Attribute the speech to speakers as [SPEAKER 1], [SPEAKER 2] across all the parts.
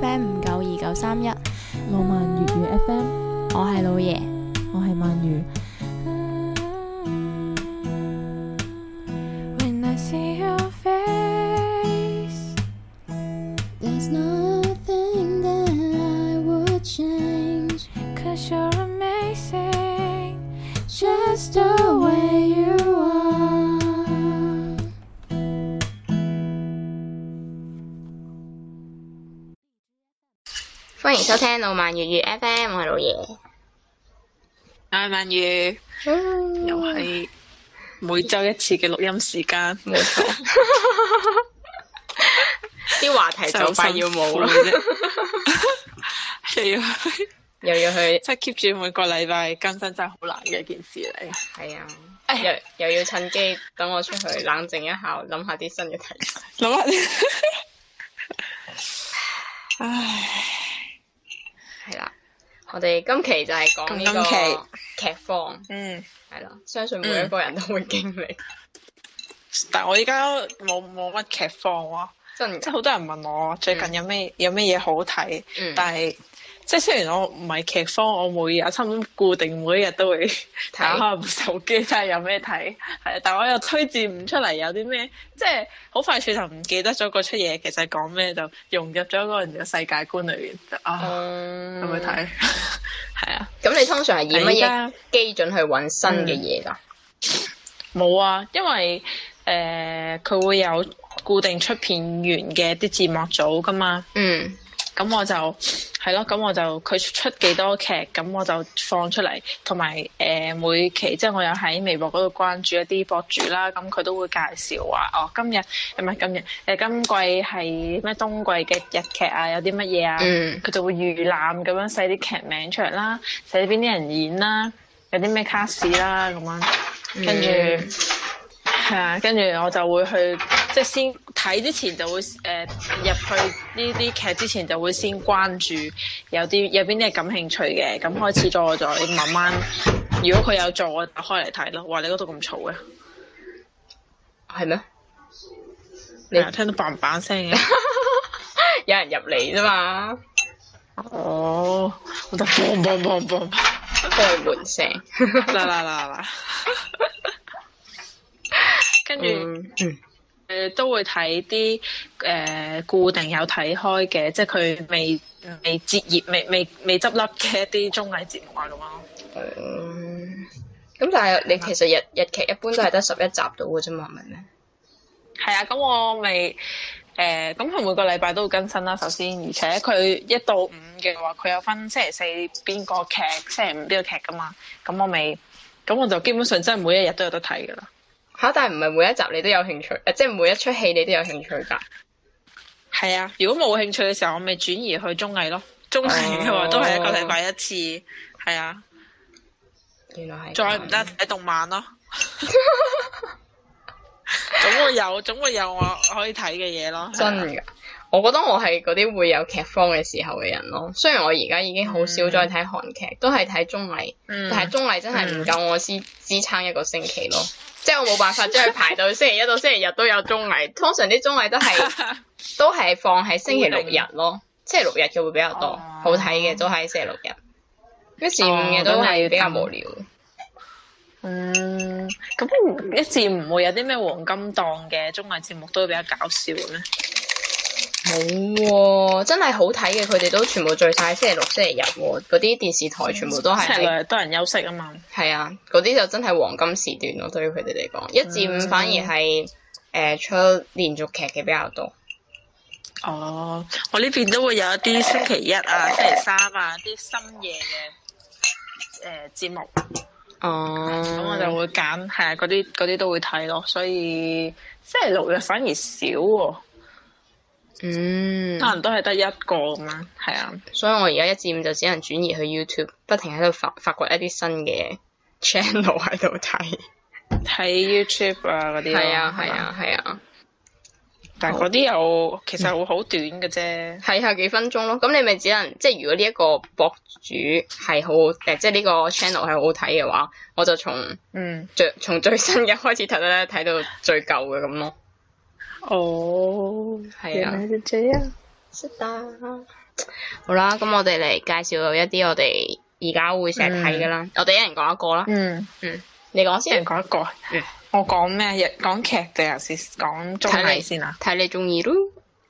[SPEAKER 1] F M 五九二九三一，浪漫粵語 F M，我係老爺，
[SPEAKER 2] 我係鰻魚。
[SPEAKER 1] 收聽老萬粵語 FM，我係老爺。
[SPEAKER 2] 阿萬月，又係每周一次嘅錄音時間。冇錯。
[SPEAKER 1] 啲話題就快要冇啦，又
[SPEAKER 2] 要去，又要去，即係 keep 住每個禮拜更新真係好難嘅一件事嚟。係啊，又
[SPEAKER 1] 又要趁機等我出去冷靜一下，諗下啲新嘅題，諗下啲。唉。係啦，我哋今期就係講呢個劇荒，嗯，係啦，相信每一個人都會經歷，嗯
[SPEAKER 2] 嗯。但係我依家冇冇乜劇荒喎，啊、真嘅的，即係好多人問我、啊、最近有咩、嗯、有咩嘢好睇，嗯、但係。即係雖然我唔係劇荒，我每日差唔多固定每日都會睇下部手機，睇下有咩睇，係，但我又推薦唔出嚟，有啲咩即係好快處就唔記得咗嗰，出嘢其實講咩就融入咗個人嘅世界觀裏邊。啊，
[SPEAKER 1] 有冇睇？係啊，咁 的你通常係以乜嘢基準去搵新嘅嘢噶？
[SPEAKER 2] 冇、嗯、啊，因為誒佢、呃、會有固定出片源嘅啲字幕組噶嘛。嗯。咁我就係咯，咁我就佢出幾多劇，咁我就放出嚟，同埋誒每期即係、就是、我有喺微博嗰度關注一啲博主啦，咁佢都會介紹話哦，今日唔咪今日誒今季係咩冬季嘅日劇啊，有啲乜嘢啊，佢、嗯、就會預覽咁樣寫啲劇名，名出嚟啦，寫邊啲人演啦，有啲咩卡 a 啦咁樣，跟住。係啊，跟住、嗯、我就會去，即係先睇之前就會誒入、呃、去呢啲劇之前就會先關注有啲有邊啲係感興趣嘅，咁開始咗我再慢慢。如果佢有做，我打開嚟睇咯。哇！你嗰度咁嘈嘅，係咩？你又、嗯、聽到棒棒 n 聲嘅、啊，
[SPEAKER 1] 有人入嚟啫嘛？
[SPEAKER 2] 哦，我都 boom boom
[SPEAKER 1] 開門聲啦啦啦啦！
[SPEAKER 2] 跟住，誒、嗯呃、都會睇啲誒固定有睇開嘅，即係佢未未結業、未未未執笠嘅一啲綜藝節目嘅話。嗯，
[SPEAKER 1] 咁、嗯嗯、但係你其實日、嗯、日劇一般都係得十一集到嘅啫嘛，唔係咩？
[SPEAKER 2] 係、嗯、啊，咁我未誒，咁、呃、佢每個禮拜都會更新啦。首先，而且佢一到五嘅話，佢有分星期四邊個劇，星期五邊個劇噶嘛。咁我未，咁我就基本上真係每一日都有得睇嘅啦。但係唔係每一集你都有興趣，誒，即係每一出戲你都有興趣㗎？係啊，如果冇興趣嘅時候，我咪轉移去綜藝咯。綜藝嘅話，oh. 都係一個禮拜一次，係啊。原來
[SPEAKER 1] 係。再唔得
[SPEAKER 2] 睇動漫咯。 總會有，總會有我可以睇嘅嘢咯。真㗎？
[SPEAKER 1] 我覺得我係嗰啲會有劇荒嘅時候嘅人咯，雖然我而家已經好少再睇韓劇，mm. 都係睇綜藝，mm. 但係綜藝真係唔夠我支支撐一個星期咯，mm. 即係我冇辦法將佢排到星期一到星期日都有綜藝， 通常啲綜藝都係 都係放喺星期六日咯，星期六日就會比較多，oh. 好睇嘅都係星期六日，一至五嘅都係比較無聊，
[SPEAKER 2] 嗯。嗯，咁一至五會有啲咩黃金檔嘅綜藝節目都會比較搞笑咧？
[SPEAKER 1] 冇喎、哦，真係好睇嘅，佢哋都全部聚晒星期六、星期日喎、啊，嗰啲電視台全部都係，趁多人休息啊嘛。係啊，嗰啲就真係黃金時段咯、啊，對於佢哋嚟講，一至五反而係誒出連續劇嘅比較多。哦，我呢邊都會有一啲星期一啊、呃、星期啊、
[SPEAKER 2] 星期三啊、啲深夜嘅誒、呃、節目。哦、嗯、咁、
[SPEAKER 1] 嗯、我就會
[SPEAKER 2] 揀係啊，嗰啲啲都會睇咯，所以星期六日反而少喎、啊。
[SPEAKER 1] 嗯，可能都係得一個咁啊，係啊，所以我而家一至五就只能轉移去 YouTube，不停喺度發發掘一啲新嘅 channel 喺度睇，睇 YouTube 啊嗰啲咯，係啊，係啊，係啊，但係嗰啲有其實會好短嘅啫，嗯，睇下幾分鐘咯，咁你咪只能即係如果呢一個博主係好誒，即係呢個 channel 係好睇嘅話，我就從嗯最從最新嘅開始睇咧，睇到最舊嘅咁咯。哦，原、oh, 啊，係隻仔啊，識打。好啦，咁我哋嚟介紹一啲我哋而家會成日睇噶啦，嗯、我哋一人講一個啦。嗯嗯，你講先，一人講一,一個。嗯、我講咩？日講劇定係講中睇你先啦。睇你中意咯。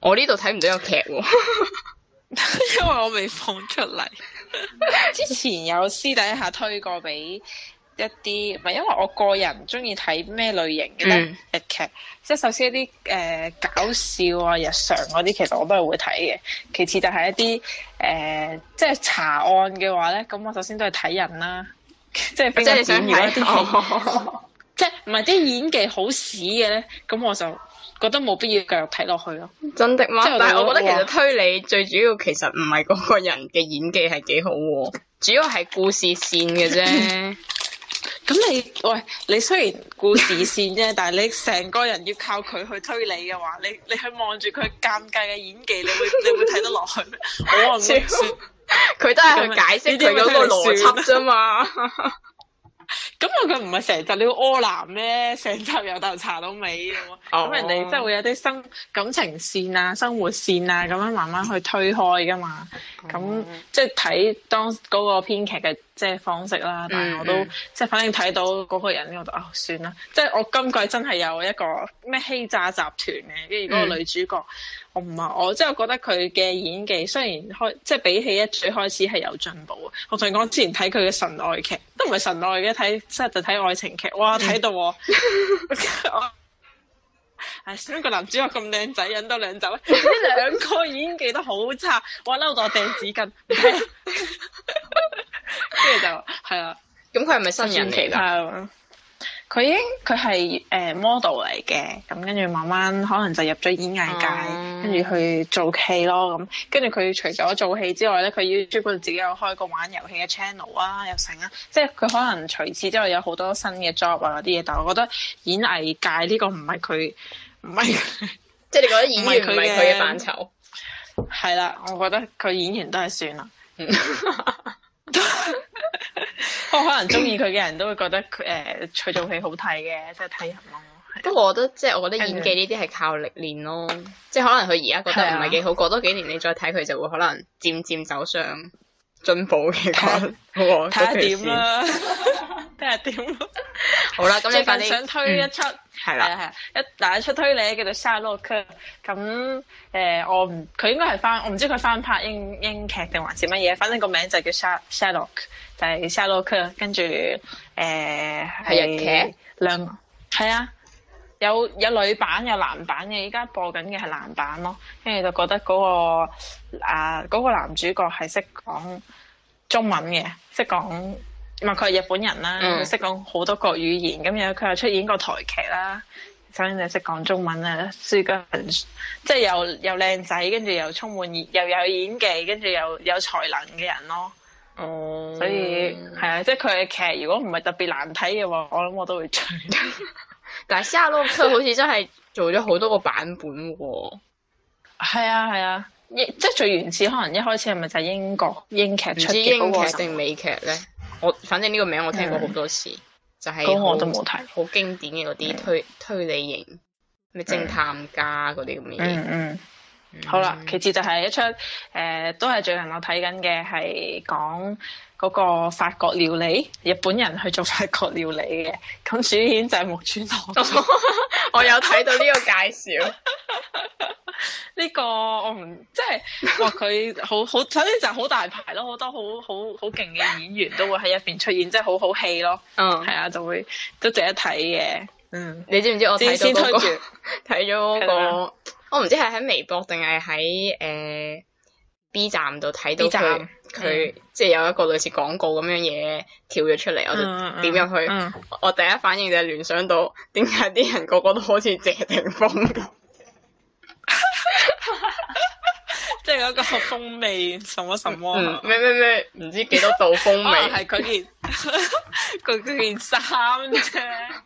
[SPEAKER 1] 我呢度睇唔到有劇喎、啊，
[SPEAKER 2] 因為我未放出嚟。 之前有私底下推過俾。一啲唔係，因為我個人中意睇咩類型嘅咧日劇，嗯、即係首先一啲誒、呃、搞笑啊、日常嗰啲，其實我都係會睇嘅。其次就係一啲誒、呃、即係查案嘅話咧，咁我首先都係睇人啦，即係比較重要一啲些、哦、 即係唔係啲演技好屎嘅咧？咁我就覺得冇必要繼續睇落去咯。
[SPEAKER 1] 真的嗎？但係我覺得其實推理 最主要其實唔係嗰個人嘅演技係幾好， 主要係故事線嘅啫。咁你喂，你雖然故事線啫，但係你成個
[SPEAKER 2] 人要靠佢去推理嘅話，你你係望住佢尷尬嘅演技，你會你會睇得落去咩？ 超我唔算，
[SPEAKER 1] 佢都係去解釋佢嗰個邏輯啫嘛。
[SPEAKER 2] 咁我佢唔係成集你要柯南咩？成集由頭查到尾嘅咁、哦、人哋即係會有啲生感情線啊、生活線啊咁樣慢慢去推開噶嘛。咁即係睇當嗰個編劇嘅。嗯嗯 即係方式啦，但係我都、嗯嗯、即係，反正睇到嗰個人，我都啊、哦、算啦。即係我今季真係有一個咩欺詐集團嘅，跟住嗰個女主角，嗯、我唔係我，即係我覺得佢嘅演技雖然開，即係比起一最開始係有進步。我同你講，之前睇佢嘅神愛劇都唔係神愛嘅，睇真係就睇愛情劇。哇，睇到，我，唉、 哎，雖然個男主角咁靚仔，忍多兩集咧，呢 兩個演技都好差，哇我嬲到我掟紙巾。 跟住 就係啦，咁佢係咪新人其噶？佢已經佢係誒 model 嚟嘅，咁、呃、跟住慢慢可能就入咗演藝界，嗯、跟住去做戲咯。咁跟住佢除咗做戲之外咧，佢 YouTube 自己有開個玩遊戲嘅 channel 啊，又成啊。即係佢可能除此之外有好多新嘅 job 啊啲嘢，但係我覺得演藝界呢個唔係佢唔係，
[SPEAKER 1] 即係 你覺得演員唔係佢嘅範
[SPEAKER 2] 疇。係啦，我覺得佢演員都係算啦。嗯 我
[SPEAKER 1] 可能中意佢嘅人都會覺得佢誒，佢做戲好睇嘅，即係睇人咯，啊。不過我覺得即係，的我覺得演技呢啲係靠歷練咯。即係可能佢而家覺得唔係幾好，過多幾年你再睇佢就會可能漸漸走上進步嘅關。太掂啦！ 吧
[SPEAKER 2] 即係點？好啦，咁而家想推一出，係啦、嗯，係一第一出推理叫做 Sherlock。咁誒、ok 呃，我唔佢應該係翻，我唔知佢翻拍英英劇定還是乜嘢，反正個名就叫 Sher Sherlock，、ok，就係 Sherlock。跟住誒係日劇，兩，係啊，有有女版有男版嘅，依家播緊嘅係男版咯。跟住就覺得嗰、嗰個啊嗰、嗰個男主角係識講中文嘅，識講。唔係佢係日本人啦，識講好多國語言，咁樣佢又出演過台劇啦，首先就識講中文啦，所以個即係又又靚仔，跟住又充滿又有演技，跟住又有，有才能嘅人咯。哦、嗯，所以係啊，即係佢嘅劇，如果唔係特別難睇嘅話，我諗我都會追。 但係是《Sherlock》好似真係做咗好多個版本喎。係啊係啊，啊啊即係最原始，可能一開始係咪就係英國英劇出嘅英劇定
[SPEAKER 1] 美劇咧？我反正呢個名我聽過好多次，嗯、就係我都冇睇好經典嘅嗰啲推、嗯、推理型，咩偵探家嗰啲咁嘅嘢，嗯嗯嗯嗯、好啦，其次就係一出誒、
[SPEAKER 2] 呃，都係最近我睇緊嘅，係講嗰個法國料理，日本人去做法國料理嘅。咁主演就係木村拓哉，
[SPEAKER 1] 我有睇到呢個介紹。呢 個我唔即係話
[SPEAKER 2] 佢好好，首先就好大牌咯，好多好好好勁嘅演員都會喺入邊出現，即係
[SPEAKER 1] 好好戲咯。嗯，係啊，就會都值得睇嘅。嗯，你知唔知我睇到嗰個睇咗嗰個？我唔知係喺微博定係喺誒 B 站度睇到佢，佢即係有一個類似廣告咁樣嘢跳咗出嚟，我就點入去。嗯嗯嗯嗯嗯，我第一反應就係聯想到，點解啲人個個都好似謝霆鋒咁？
[SPEAKER 2] 即係嗰個風味什麼什麼、 嗯？咩咩咩？唔知幾多
[SPEAKER 1] 道風味、 啊？係
[SPEAKER 2] 佢件佢件衫啫。 他他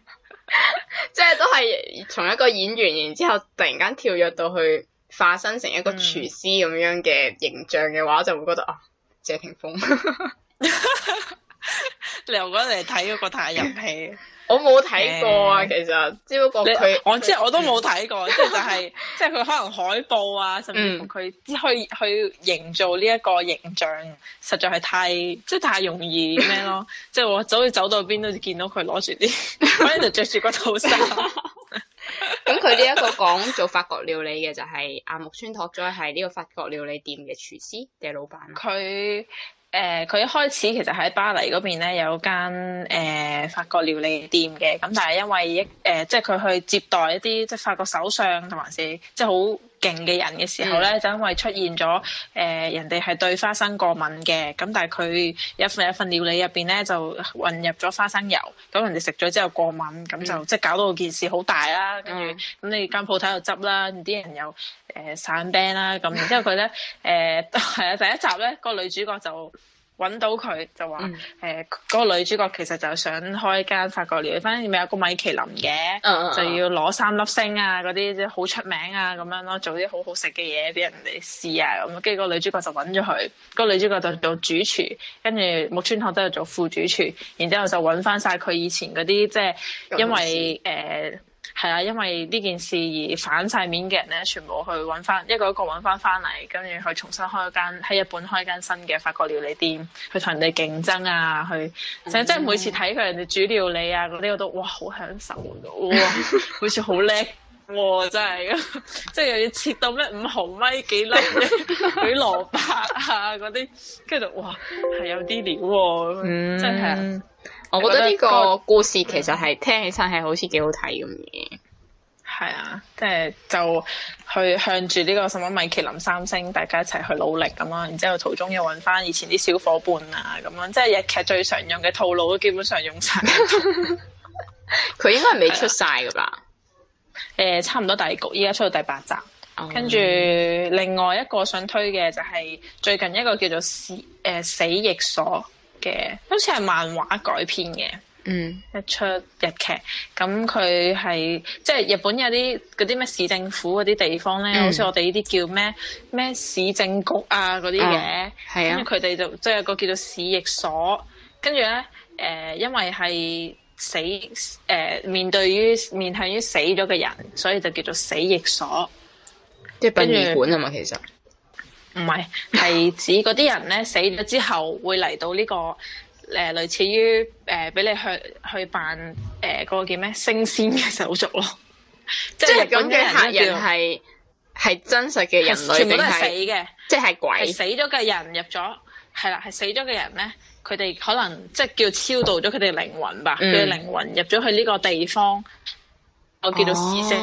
[SPEAKER 1] 即係都係從一個演員，然之後突然間跳躍到去化身成一個廚師咁樣嘅形象嘅話，嗯、就會覺得啊，謝霆鋒，
[SPEAKER 2] 你又覺得嚟睇嗰個太入戲？
[SPEAKER 1] 我冇睇過啊，其實，只不過佢，我知他我都冇睇過，即係 就係、
[SPEAKER 2] 是，即係佢可能海報啊，甚至乎佢去去營造呢一個形象，實在係太，即、就、係、是、太容易咩 咯？即係我走去走到邊都見到佢攞住啲，反正就著住個套衫。
[SPEAKER 1] 咁佢呢一個講做法國料理嘅就係阿木村拓哉，係呢個法國料理店嘅廚師定係老闆？佢。
[SPEAKER 2] 誒，佢、呃、一開始其實喺巴黎嗰邊咧有間誒、呃、法國料理店嘅，咁但係因為一誒、呃，即係佢去接待一啲即係法國首相同埋是即係好。勁嘅人嘅時候咧，就、嗯、因為出現咗誒、呃、人哋係對花生過敏嘅，咁、嗯、但係佢一份一份料理入邊咧就混入咗花生油，咁人哋食咗之後過敏，咁、嗯、就即係、就是、搞到件事好大啦、啊。跟住咁你間鋪頭又執啦，啲人又誒、呃、散兵啦，咁然之後佢咧誒係啊第一集咧、個女主角就，揾到佢就話誒，嗰、嗯呃那個、女主角其實就想開間法國料理，反正咪有個米其林嘅，嗯嗯、就要攞三粒星啊，嗰啲即係好出名啊，咁樣咯，做啲好好食嘅嘢俾人哋試啊，咁跟住個女主角就揾咗佢，個女主角就做主廚，跟住木村拓哉都係做副主廚，然之後就揾翻晒佢以前嗰啲，即、就、係、是、因為誒。呃係啊，因為呢件事而反晒面嘅人咧，全部去揾翻一個，一個揾翻翻嚟，跟住去重新開一間，喺日本開一間新嘅法國料理店，去同人哋競爭啊，去成日即係每次睇佢人哋煮料理啊，嗰啲我都哇好享受喎，好似好叻喎，真係， 即係又要切到咩五毫米幾粒嘅蘿蔔啊嗰啲，跟住就哇係有啲料喎，即係啊！嗯
[SPEAKER 1] 是 我覺得呢個故事其實係聽起身係好似幾好睇咁嘅，
[SPEAKER 2] 係啊，即係就係，去向住呢個什麼米其林三星，大家一齊去努力咁咯。然之後途中又搵翻以前啲小夥伴啊，咁樣即係日劇最常用嘅套路都基本上用晒。佢應該係未出晒噶吧？誒、啊呃，差唔多第二局，依家出到第八集。嗯、跟住另外一個想推嘅就係最近一個叫做死誒、呃、死役所。好似係漫畫改編嘅，嗯，一出日劇，咁佢係即係日本有啲嗰啲咩市政府嗰啲地方咧，嗯、好似我哋呢啲叫咩咩市政局啊嗰啲嘢。係啊，咁佢哋就即係有個叫做死役所，跟住咧，誒、呃，因為係死誒、呃，面對於面向於死咗嘅人，所以就叫做死役所，
[SPEAKER 1] 即係殯儀館啊嘛，著其實。
[SPEAKER 2] 唔係，係指嗰啲人咧，死咗之後會嚟到呢、呢個誒、呃、類似於誒俾、呃、你去去辦誒嗰、呃嗰個叫咩升仙嘅手續咯。即係咁嘅客人係
[SPEAKER 1] 係真實嘅人類，全部都係死嘅，即係鬼。死
[SPEAKER 2] 咗嘅人入咗，係啦，係死咗嘅人咧，佢哋可能即係叫超度咗佢哋靈魂吧，佢嘅、嗯、靈魂入咗去呢個地方。我叫做市政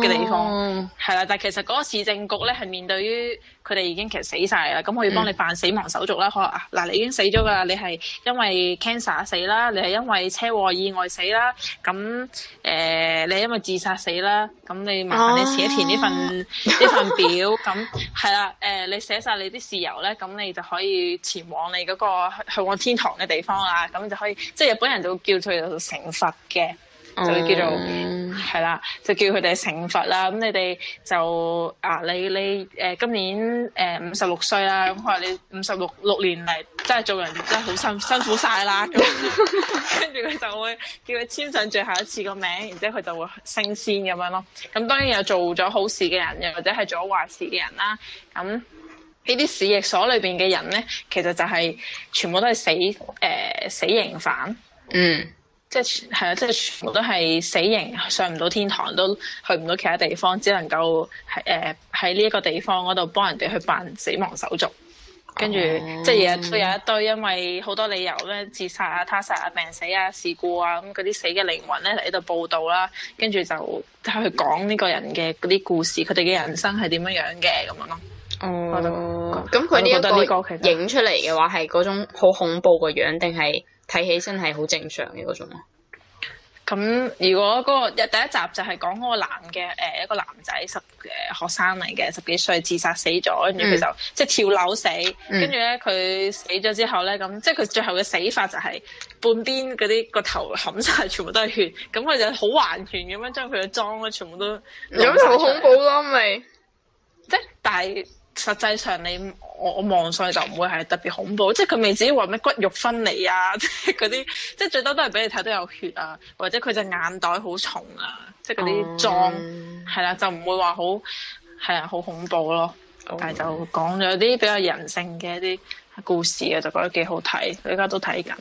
[SPEAKER 2] 嘅地方，係啦、oh.，但其實嗰個市政局咧，係面對於佢哋已經其實死晒啦，咁我要幫你辦死亡手續啦。可嗱、mm. 啊、你已經死咗噶啦，你係因為 cancer 死啦，你係因為車禍意外死啦，咁誒、呃、你係因為自殺死啦，咁你麻煩你填填呢份呢、oh. 份表，咁係啦，誒、呃、你寫晒你啲事由咧，咁你就可以前往你嗰、那個去往天堂嘅地方啦，咁就可以，即係日本人就叫佢做成佛嘅。就叫做係啦、um,，就叫佢哋懲罰啦。咁你哋就啊，你你誒、呃、今年誒五十六歲啦。咁話你五十六六年嚟，真係做人真係好辛辛苦晒啦。咁跟住佢就會叫佢簽上最後一次個名，然之後佢就會升仙咁樣咯。咁當然有做咗好事嘅人，又或者係做咗壞事嘅人啦。咁呢啲市役所裏邊嘅人咧，其實就係、是、全部都係死誒、呃、死刑犯。嗯。Mm. 即係係啊！即係全部都係死刑，上唔到天堂，都去唔到其他地方，只能夠係誒喺呢一個地方嗰度幫人哋去辦死亡手續，跟住、oh. 即係日都有一堆因為好多理由咧，自殺啊、他殺啊、病死啊、事故啊咁嗰啲死嘅靈魂咧嚟呢度報道啦，跟住就去講
[SPEAKER 1] 呢個人嘅嗰啲故事，佢哋嘅人生係點樣樣
[SPEAKER 2] 嘅咁樣咯。哦，咁佢呢個
[SPEAKER 1] 影出嚟嘅話係嗰種好恐怖嘅樣定係？睇起身係好正常嘅嗰種咯。咁、嗯嗯、
[SPEAKER 2] 如果嗰個第一集就係講嗰個男嘅，誒一個男仔十誒學生嚟嘅，十幾歲自殺死咗，跟住佢就即係跳樓死。跟住咧佢死咗之後咧，咁即係佢最後嘅死法就係、是、半邊嗰啲個頭冚晒，全部都係血。咁佢就好還原咁樣將佢嘅妝咧，全部都有啲恐怖咯，咪即係但係。實際上你我我望上去就唔會係特別恐怖，即係佢未至於話咩骨肉分離啊，即係嗰啲，即係最多都係俾你睇到有血啊，或者佢隻眼袋好重啊，即係嗰啲妝係啦，就唔會話好係啊好恐怖咯。但係就講咗啲比較人性嘅一啲故事啊，就覺得幾好睇，我而家都睇緊，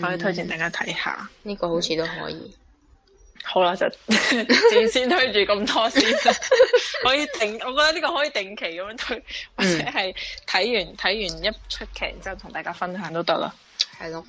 [SPEAKER 2] 可以推薦大家睇下。呢、嗯嗯這個好似都可以。嗯好啦，就事先推住咁多先， 可以定，我覺得呢個可以定期咁樣推，嗯、或者係睇完睇完一出劇之後同大家分享都得啦。係咯，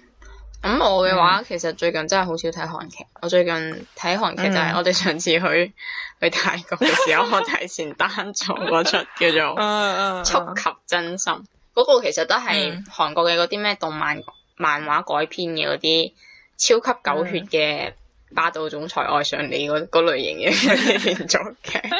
[SPEAKER 1] 咁我嘅話、嗯、其實最近真係好少睇韓劇，我最近睇韓劇就係我哋上次去、嗯、去泰國嘅時候， 我提前單做嗰出叫做《觸及真心》嗯，嗰個其實都係韓國嘅嗰啲咩動漫漫畫改編嘅嗰啲超級狗血嘅、嗯。嗯霸道總裁愛上你嗰嗰類型嘅嘅劇，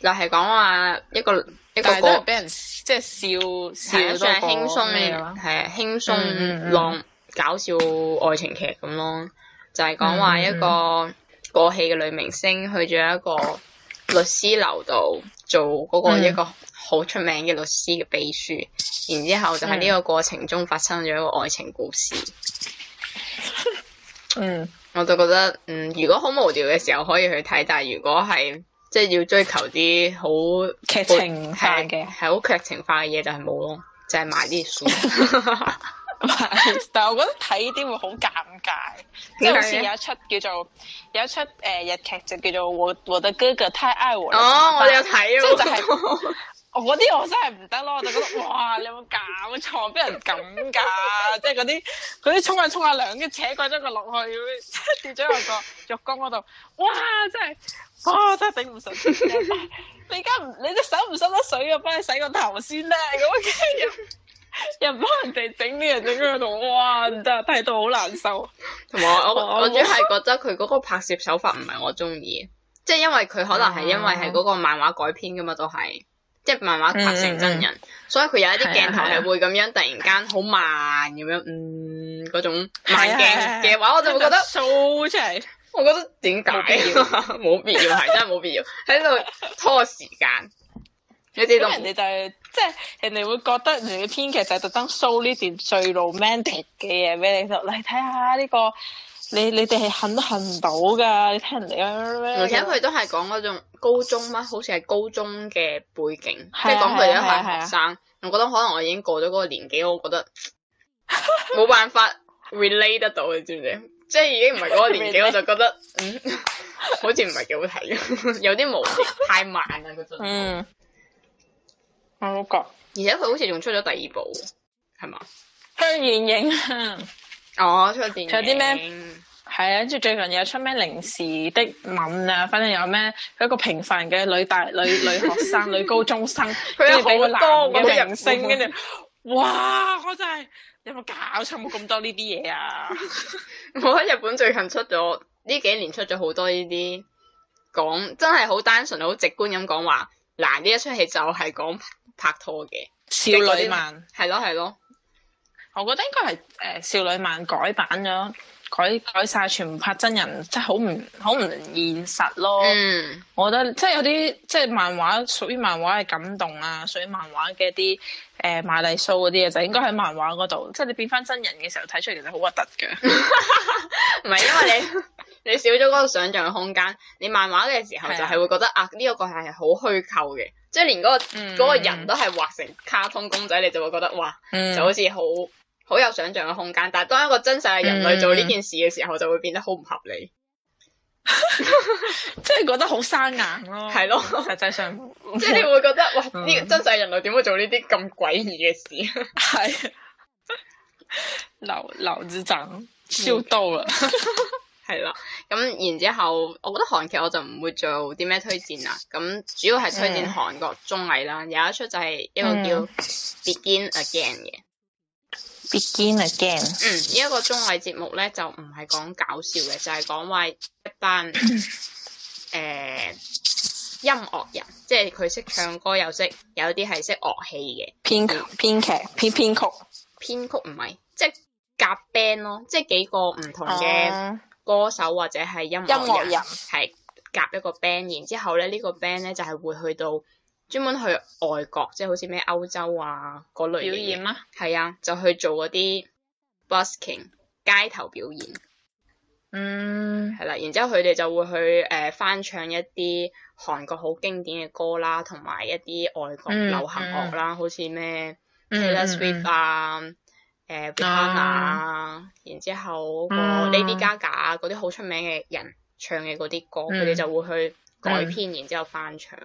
[SPEAKER 1] 就係講話一個一個俾人、嗰個、即係笑笑，算係輕鬆嘅，係輕鬆浪搞笑愛情劇咁咯，就係講話一個過氣嘅女明星去咗一個律師樓度做嗰個一個好出名嘅律師嘅秘書， 然之後就喺呢個過程中發生咗一個愛情故事。嗯，我就覺得嗯，如果好無聊嘅時候可以去睇，但係如果係即係要追求啲好劇情化嘅，係好劇情化嘅嘢就係冇咯，就係、是就是、買啲書。
[SPEAKER 2] 但係我覺得睇啲會好尷尬，即係好似有一出叫做的有一出誒、呃、日劇就叫做我我的哥哥太愛我。哦，我有睇，就係。我嗰啲我真係唔得咯，我就覺得哇！你有冇搞錯？俾 人咁噶， 即係嗰啲嗰啲沖下沖下涼，跟住扯鬼咗佢落去，跌咗落個浴缸嗰度。哇！真係哇，哦、真係頂唔順。你而家唔你隻手唔濕得水嘅，幫你洗個頭先咧。咁嘅人又幫人哋整啲人整喺度， 哇！真
[SPEAKER 1] 係睇到好難受。
[SPEAKER 2] 同埋我我,、啊、我主要係覺
[SPEAKER 1] 得佢嗰個拍攝手法唔係我中意，即係因為佢可能係因為係嗰個漫畫改編噶嘛，都係。即係漫畫拍成真人，嗯、所以佢有一啲鏡頭係、嗯、會咁樣突然間好慢咁樣，對嗯，嗰種慢鏡嘅話，對對對我就會覺得 show 出嚟，我覺得點解冇必要，冇 必要係真係冇必要喺度 拖時間，
[SPEAKER 2] 你知唔？人哋就係即係人哋會覺得人哋編劇就係特登 show 呢段最 romantic 嘅嘢俾你，就嚟睇下呢、這個。你你哋係恨都恨唔到噶，你聽人哋啦。而且佢
[SPEAKER 1] 都係講嗰種高中嘛，好似係高中嘅背景，即係講佢一係大學生。我覺得可能我已經過咗嗰個年紀，我覺得冇辦法 relate 得到，你知唔知？即係已經唔係嗰個年紀，我就覺得嗯，好似唔係幾好睇，有啲模，太慢啦嗰種。嗯，我都覺。而且佢好似仲出咗第二部，係嘛？《軒轅影》。
[SPEAKER 2] 哦，出個電影，仲有啲咩？係、哎、啊，跟住最近又出咩《零時的吻》啊，反正有咩佢一個平凡嘅女大女女學生， 女高中生，跟住
[SPEAKER 1] 俾個男人性，跟
[SPEAKER 2] 住哇！
[SPEAKER 1] 我真係有冇搞錯？冇咁多呢啲嘢啊！ 我喺日本最近出咗呢幾年出咗好多呢啲講，真係好單純、好直觀咁講話嗱，呢一出戲就係講拍拖嘅少女漫，係咯係咯。我覺得應該係誒少女
[SPEAKER 2] 漫改版咗，改改晒全部拍真人，即係好唔好唔現實咯。嗯、我覺得即係有啲即係漫畫，屬於漫畫嘅感動啊，屬於漫畫嘅一啲誒瑪麗蘇嗰啲嘢，就應該喺漫畫嗰度。即係你變翻真人嘅時候睇出嚟，其實好核突嘅。唔係 因為你
[SPEAKER 1] 你少咗嗰個想象嘅空間，你漫畫嘅時候就係會覺得的啊呢、這個個係好虛構嘅，即係連嗰個個人都係畫成卡通公仔，你就會覺得哇就好似好。 好有想象嘅空間，但係當一個真實嘅人類做呢件事嘅時候，嗯、就會變得好唔合理，
[SPEAKER 2] 即係 覺得好生硬咯。係咯 了，實際上， 即係你會覺得哇！呢、嗯、真實人類點
[SPEAKER 1] 會做呢啲咁詭異嘅事？係。劉劉子站超多啦，係啦、嗯。咁 然之後，我覺得韓劇我就唔會做啲咩推薦啦。咁主要係推薦韓國綜藝啦，嗯、有一出就係一個叫《Begin Again》嘅。
[SPEAKER 2] begin again。
[SPEAKER 1] 嗯，呢、這、一個綜藝節目咧就唔係講搞笑嘅，就係講話一班誒、 呃、音樂人，即係佢識唱歌又識有啲係識樂器嘅
[SPEAKER 2] 編偏偏曲、編劇、編編曲、
[SPEAKER 1] 編曲唔係即係夾 band 咯，即係幾個唔同嘅歌手或者係音樂人係、嗯、夾一個 band，然之後咧呢、這個 band 咧就係、是、會去到。專門去外國，即、就、係、是、好似咩歐洲啊嗰類表演啦，係啊，就去做嗰啲 busking 街頭表演。
[SPEAKER 2] 嗯。
[SPEAKER 1] 係啦、啊，然之後佢哋就會去誒、呃、翻唱一啲韓國好經典嘅歌啦，同埋一啲外國流行樂啦，嗯、好似咩、嗯、
[SPEAKER 2] Taylor Swift 啊、
[SPEAKER 1] 誒 Beyonce 啊，然後之後嗰個 Lady Gaga 嗰啲好出名嘅人唱嘅嗰啲歌，佢哋、嗯嗯、就會去改編，然之後翻唱。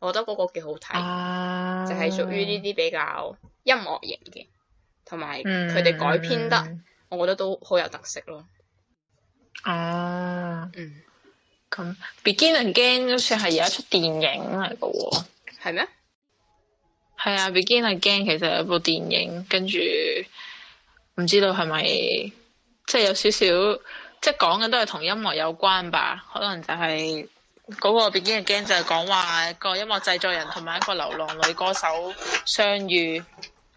[SPEAKER 1] 我覺得嗰個幾好睇，啊、就係屬於呢啲比較音樂型嘅，同埋佢哋改編得，嗯嗯、我覺得都好，好有特色咯。哦、
[SPEAKER 2] 啊，嗯，咁《Begin Again》都算係有一出電影嚟噶喎，係咩？係啊，《Begin Again》其實有部電影，跟住唔知道係咪即係有少少，即係講嘅都係同音樂有關吧？可能就係、是。嗰個《Begin Again》就係講話個音樂製作人同埋一個流浪女歌手相遇，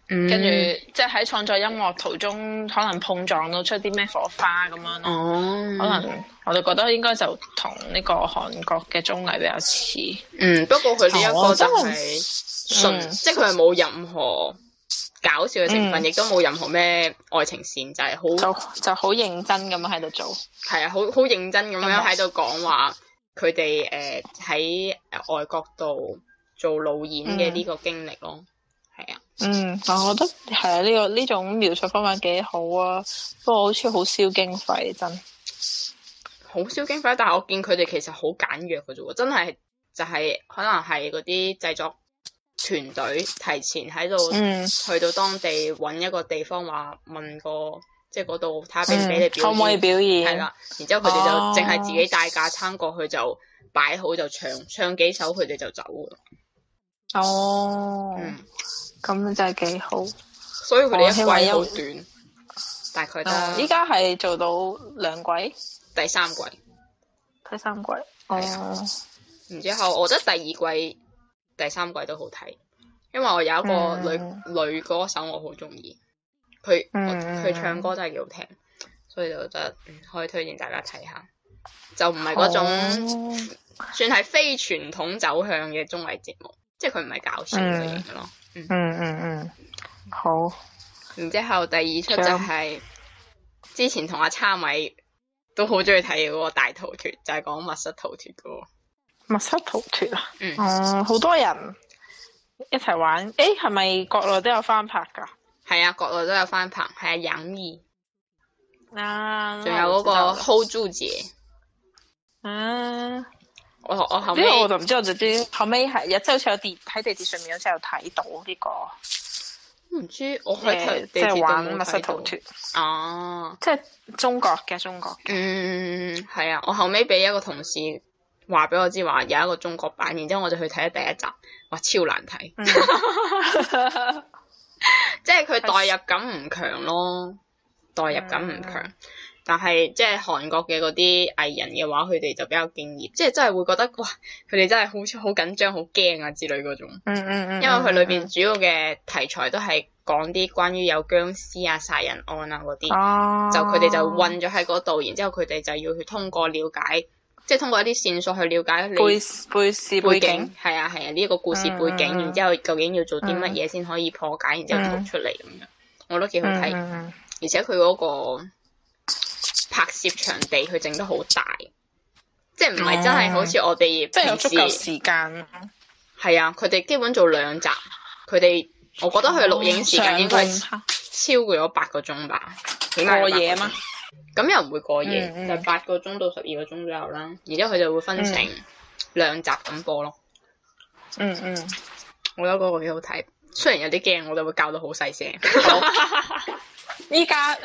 [SPEAKER 1] 跟住
[SPEAKER 2] 即係喺創作音樂途中可能碰撞到出啲咩火花咁樣。哦、嗯，可能我就覺得應該就同呢個韓
[SPEAKER 1] 國嘅綜藝比較似。嗯，不過佢呢一個就係純，即係佢係冇任何搞笑嘅成分，亦都冇任何咩愛情線，就係、是、好就好認真咁樣喺度做。係啊，好好認真咁樣喺度講話佢哋誒喺外國度做路演嘅呢個經歷咯，
[SPEAKER 2] 係啊，嗯，嗯，但我覺得係啊，呢個呢種描述方法幾好啊，不過好似好燒經費真，
[SPEAKER 1] 好燒經費，但係我見佢哋其實好簡約嘅啫喎，真係就係、是、可能係嗰啲製作團隊提前喺度、嗯、去到當地揾一個地方話問個。即係嗰度，睇下俾唔俾你表演，可唔可以表演？係啦，然之後佢哋就淨係自己帶架撐過去、oh. 就擺好就唱，唱幾首佢哋就走。哦、oh.
[SPEAKER 2] 嗯，咁就係幾好。
[SPEAKER 1] 所以佢哋一季好短，oh. 大概得。依家係做到兩季，第三季。第三季，哦、oh. 然之後，我覺得第二季、第三季都好睇，因為我有一個女、mm. 女歌手我，我好中意。佢佢唱歌真係幾好聽，所以就覺得可以推薦大家睇下。就唔係嗰種算係非傳統走向嘅綜藝節目，即係佢唔係搞笑類型嘅咯。嗯嗯
[SPEAKER 2] 嗯，好。
[SPEAKER 1] 然之後第二出吧就係之前同阿差米都好中意睇嘅嗰個大逃脫，就係、是、講密室逃脫。
[SPEAKER 2] 密室逃脫啊？哦、嗯，好、嗯、多人
[SPEAKER 1] 一齊玩。誒，係咪國內都有翻拍噶？係啊，國內都有翻拍，係啊，楊冪。
[SPEAKER 2] 啊！仲有嗰、嗰個 hold
[SPEAKER 1] 住姐。啊！我後我後屘，我就唔知
[SPEAKER 2] 我就知後屘係，有即係好似有地喺地鐵上面，有時候睇到呢
[SPEAKER 1] 個。唔知我喺睇地鐵嘅密室逃脫。哦、啊，即係中國嘅中國嗯，係啊，我後屘俾一個同事話俾我知，話有一個中國版，然之後我就去睇咗第一集，哇，超難睇。嗯 即係佢代入感唔強咯，代入感唔強。Mm-hmm. 但係即係韓國嘅嗰啲藝人嘅話，佢哋就比較敬業，即係真係會覺得哇，佢哋真係好好緊張、好驚啊之類嗰種。嗯
[SPEAKER 2] 嗯嗯。Hmm. 因為佢裏
[SPEAKER 1] 邊主要嘅題材都係講啲關於有僵屍啊、殺人案啊嗰啲
[SPEAKER 2] ，oh. 就佢哋就困咗
[SPEAKER 1] 喺嗰度，然之後佢哋就要去通過了解。即係通過一啲線索去了解背背背景，係啊係啊，呢一、啊呢個故事背景，嗯、然之後究竟要做啲乜嘢先可以破解，嗯、然之後逃出嚟咁樣，我覺得幾好睇，
[SPEAKER 2] 嗯、
[SPEAKER 1] 而且佢嗰個拍攝場地佢整得好大，嗯、即係唔係真係好似我哋即係有足夠時間，係啊，佢哋、啊、基本做兩集，佢哋我覺得佢錄影時間應該超過咗八個鐘吧，過夜嘛。咁又唔會過夜，嗯嗯、就八個鐘到十二個鐘左右啦。然之後佢就會分成兩集咁播咯。嗯嗯，嗯我覺得嗰個幾好睇，雖然有啲驚，我哋會教到 好細聲。依家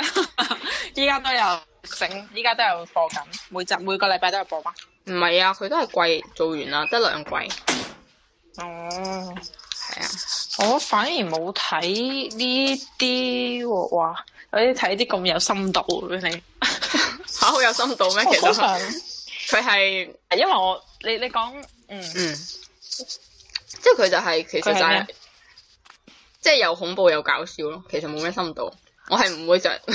[SPEAKER 1] 依家都
[SPEAKER 2] 有整，依家都有播緊，每集每個禮拜都有播嗎？
[SPEAKER 1] 唔係啊，佢都係季做完啦，得兩季。哦、嗯，係啊，我
[SPEAKER 2] 反而冇睇呢啲喎，哇！你睇啲咁有深度畀
[SPEAKER 1] 你，吓，好有深度咩？其實佢係 是因為我你你講嗯嗯，即係佢就係、是、其實就係、是、即係又恐怖又搞笑咯。其實冇咩深度，我係唔會着，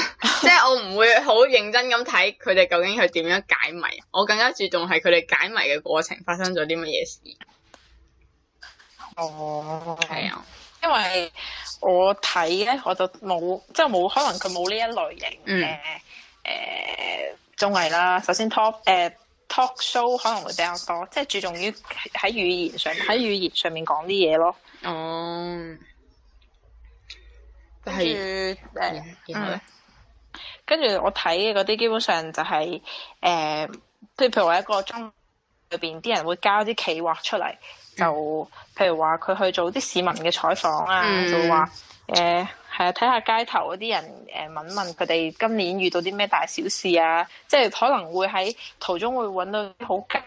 [SPEAKER 1] 即係我唔會好認真咁睇佢哋究竟佢點樣解謎。我更加注重係佢哋解謎嘅過程發生咗啲乜嘢事。哦，係啊。因
[SPEAKER 2] 為我睇咧，我就冇即係冇，可能佢冇呢一類型嘅誒綜藝啦。首先 talk 誒、呃、talk show 可能會比較多，即、就、係、是、注重於喺語言上喺語言上面講啲嘢咯。哦、嗯，跟住然後咧？呃嗯嗯、跟住我睇嘅嗰啲基本上就係、是、誒，譬、呃、如譬如話一個綜。入邊啲人會交啲企劃出嚟，嗯、就譬如話佢去做啲市民嘅採訪啊，嗯、就話誒係啊，睇、呃、下街頭嗰啲人誒、呃、問問佢哋今年遇到啲咩大小事啊，即、就、係、是、可能會喺途中會揾到啲好激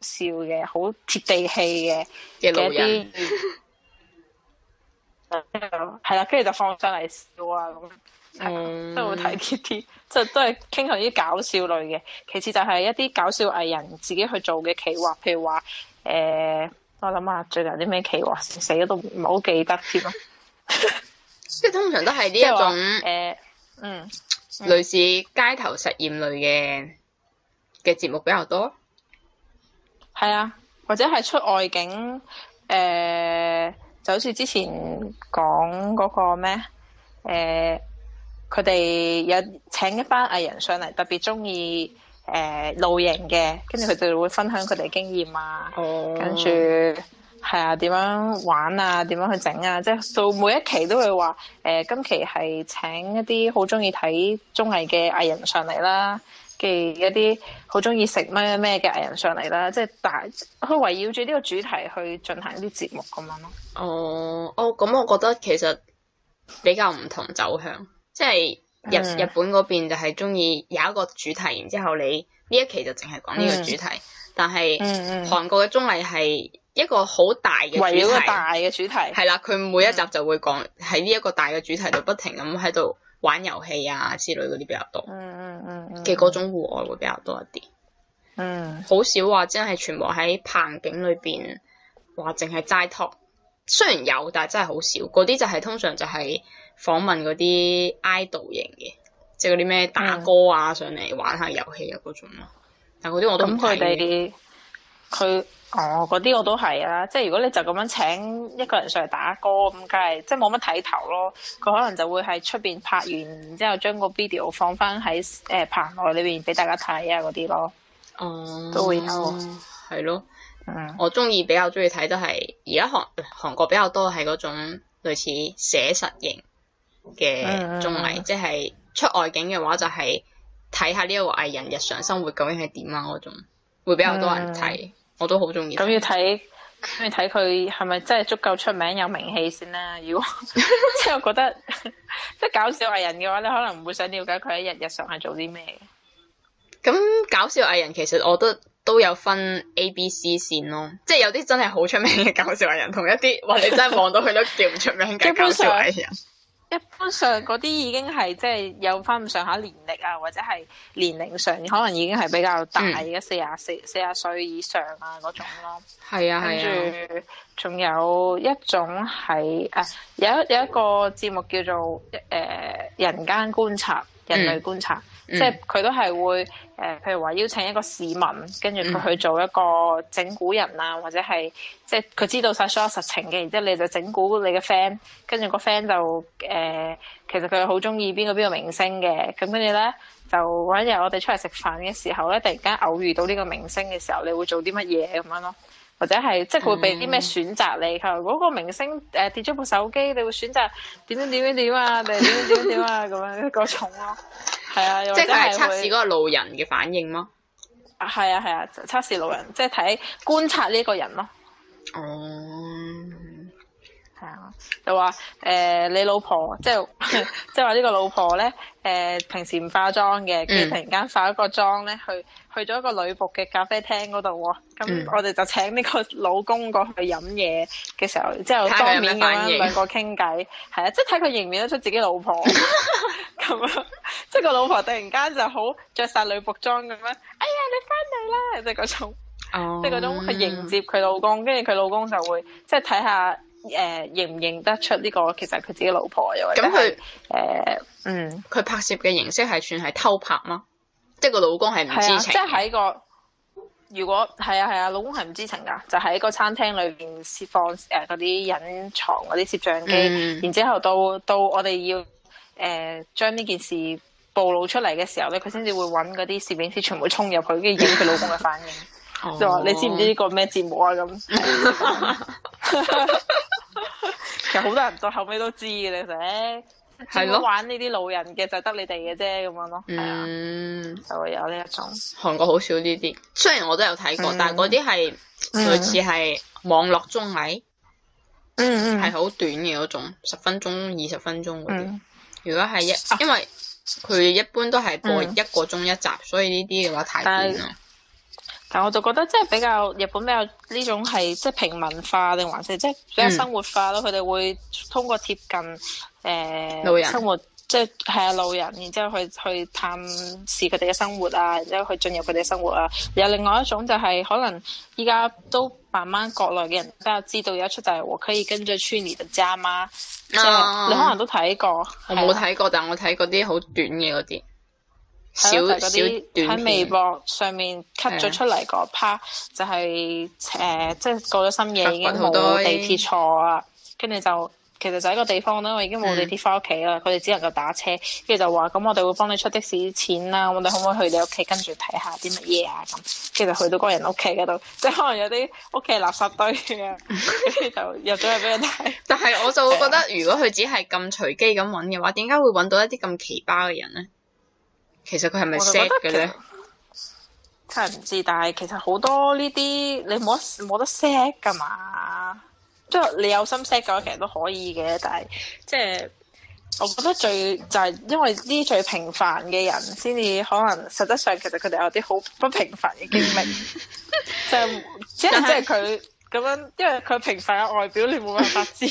[SPEAKER 2] 笑嘅、好貼地氣嘅嘅啲，係啦路，跟 住、嗯、就放上嚟笑啊咁。嗯、 都會睇呢啲，即係都係傾向啲搞笑類嘅。其次就係一啲搞笑藝人自己去做嘅企劃，譬如話誒、呃，我諗下最近啲咩企劃死都唔係好記得添咯。
[SPEAKER 1] 即 係通常都係呢一種誒，
[SPEAKER 2] 嗯，
[SPEAKER 1] 類似街頭實驗類嘅嘅節目比較多。
[SPEAKER 2] 係啊，或者係出外景誒、呃，就好似之前講嗰、嗰個咩誒。呃佢哋有請一班藝人上嚟，特別中意誒露營嘅，跟住佢哋會分享佢哋經驗啊。哦，跟住係啊，點樣玩啊？點樣去整啊？即係到每一期都會話誒、呃，今期係請一啲好中意睇綜藝嘅藝人上嚟啦，跟住一啲好中意食咩咩嘅藝人上嚟啦。即係大去圍繞住呢個主題去進行啲節目咁樣咯。
[SPEAKER 1] 哦，哦，咁我覺得其實比較唔同走向。即係日日本嗰邊就係中意有一個主題，嗯、然之後你呢一期就淨係講呢個主題。嗯、但係韓國嘅綜藝係一個好大嘅圍繞大嘅主題，係啦，佢每一集就會講喺呢一個大嘅主題度不停咁喺度玩遊戲啊之類嗰啲比較多。嗯嗯嗯嘅嗰種戶外會比較多一啲，嗯。嗯，好少話真係全部喺棚景裏邊，話淨係齋 talk。雖然有，但係真係好少。嗰啲就係、是、通常就係、是。訪問嗰啲 idol 型嘅，即係嗰啲咩打歌啊，嗯、上嚟玩下遊戲啊嗰種咯。但嗰啲我都唔睇。佢哋啲，
[SPEAKER 2] 佢哦，嗰啲我都係啊。即係如果你就咁樣請一個人上嚟打歌咁，梗係即係冇乜睇頭咯。佢可能就會喺出邊拍完，然之後將個 video 放翻喺
[SPEAKER 1] 誒棚內裏邊俾大家睇啊嗰啲咯。哦、嗯，
[SPEAKER 2] 都會有，
[SPEAKER 1] 係、嗯、咯。嗯、我中意比較中意睇都係而家韓韓國比較多係嗰種類似寫實型嘅綜藝，即係出外景嘅話，就係睇下呢一個藝人日常生活究竟係點啊嗰種，會比較多人睇。嗯、我都好中意。咁、嗯、要睇，要睇佢係咪真係足夠出名有名氣先啦。
[SPEAKER 2] 如果即係我覺得，即係搞笑藝人嘅話，你可能唔會想了解佢一日日常係做啲咩嘅。
[SPEAKER 1] 咁搞笑藝人其實我都都有分 A、B、C 綫咯，即係有啲真係好出名嘅搞笑藝人，同一啲話你真係望到佢都叫唔出名嘅搞笑藝人 本上。
[SPEAKER 2] 一般上嗰啲已經係即係有返咁上下年齡啊，或者係年齡上可能已經係比較大嘅四十四四十歲以上啊嗰種咯。係啊，係啊。跟住仲有一種係誒、啊，有有一個節目叫做誒、呃《人間觀察》，人類觀察。嗯即係佢都係會誒，譬如話邀請一個市民，跟住佢去做一個整蠱人啊，或者係即係佢知道晒所有實情嘅，然之後你就整蠱你嘅 friend，跟住個 friend 就誒、呃，其實佢好中意邊個邊個明星嘅，咁跟住咧就嗰一日我哋出嚟食飯嘅時候咧，突然間偶遇到呢個明星嘅時候，你會做啲乜嘢咁樣咯？或者係即係佢會俾啲咩選擇你？佢話嗰、嗯、個明星誒、呃、跌咗部手機，你會選擇點樣點樣點啊，定係點樣點點啊咁樣嗰種咯？
[SPEAKER 1] 係啊，即係測試嗰個路人嘅反應咯。
[SPEAKER 2] 啊，係啊係啊，啊，測試路人， 即係睇觀察呢個人咯。哦。係啊，就話誒，你老婆即係即係話呢個老婆咧，誒平時唔化妝嘅，佢突然間化一個妝咧，去去咗一個女僕嘅咖啡廳嗰度喎。咁我哋就請呢個老公過去飲嘢嘅時候，即係當面咁樣兩個傾偈。係啊，即係睇佢迎面得出自己老婆咁啊，即係個老婆突然間就好着晒女僕裝咁樣。哎呀，你翻嚟啦，即係嗰種，即係嗰種去迎接佢老公，跟住佢老公就會即係睇下。誒、呃，認唔認得出呢、這
[SPEAKER 1] 個？其實係佢自己老婆又？咁佢誒，嗯，佢、呃、拍攝嘅形式係算係偷拍囉？嗯、即係個老公係唔知情？即係
[SPEAKER 2] 喺個如果係啊係啊，老公係唔知情噶，就喺個餐廳裏面設放誒嗰啲隱藏嗰
[SPEAKER 1] 啲攝像機，嗯、然之
[SPEAKER 2] 後到到我哋要誒、呃、將呢件事暴露出嚟嘅時候咧，佢先至會揾嗰啲攝影師全部衝入去，跟住影佢老公嘅反應。 Oh. 就話你知唔知呢個咩節目啊咁？ 其實好多人到後尾都知嘅。你成係咯玩呢啲老人嘅就得你哋嘅啫，咁樣咯。嗯、啊，就
[SPEAKER 1] 會有呢一種。韓國好少呢啲，雖然我都有睇過，嗯、但係嗰啲係類似係網絡綜藝，嗯，嗯，係好短嘅嗰種，十分鐘、二十分鐘嗰啲。嗯、如果係一，啊、因為佢一般都係播一個鐘一集，嗯、所以呢啲嘅話太短啦。但我就覺得即係比較日
[SPEAKER 2] 本比較呢種係即係平民化定還是即係比較生活化咯，佢哋，嗯、會通過貼近誒，呃、老人生活，即係係啊老人，然之後去去探視佢哋嘅生活啊，然之後去進入佢哋嘅生活啊。有另外一種就係、是，可能依家都慢慢國內嘅人比較知道，有一出就係我可以跟着去你的家嗎，哦？
[SPEAKER 1] 即係你可能都睇過，我冇睇過，是但係我睇過嗰啲好短嘅嗰啲。喺啲喺微博
[SPEAKER 2] 上面 cut 咗出嚟嗰 part 就係誒，即係過咗深夜已經冇地鐵坐啦，跟住就其實就喺個地方啦，我已經冇地鐵翻屋企啦。佢哋只能夠打車，跟住就話：咁我哋會幫你出的士錢啦。我哋可唔可以去你屋企跟住睇下啲乜嘢啊？咁，跟住就去到嗰個人屋企嗰度，即係可能有啲屋企垃圾堆啊，跟住就入咗去俾
[SPEAKER 1] 佢睇。但係我就會覺得，如果佢只係咁隨機咁揾嘅話，點解會揾到一啲咁奇葩嘅人咧？其實佢係咪 set 嘅咧？真係唔知，但係其實好多呢啲
[SPEAKER 2] 你冇得冇得 set 噶嘛。即係你有心 set 嘅話，其實都可以嘅。但係即係我覺得最就係、是、因為呢最平凡嘅人先至可能實質上其實佢哋有啲好不平凡嘅經歷，即係即係即係佢。就是但是 咁樣，因為佢平凡嘅外表，你冇辦法知。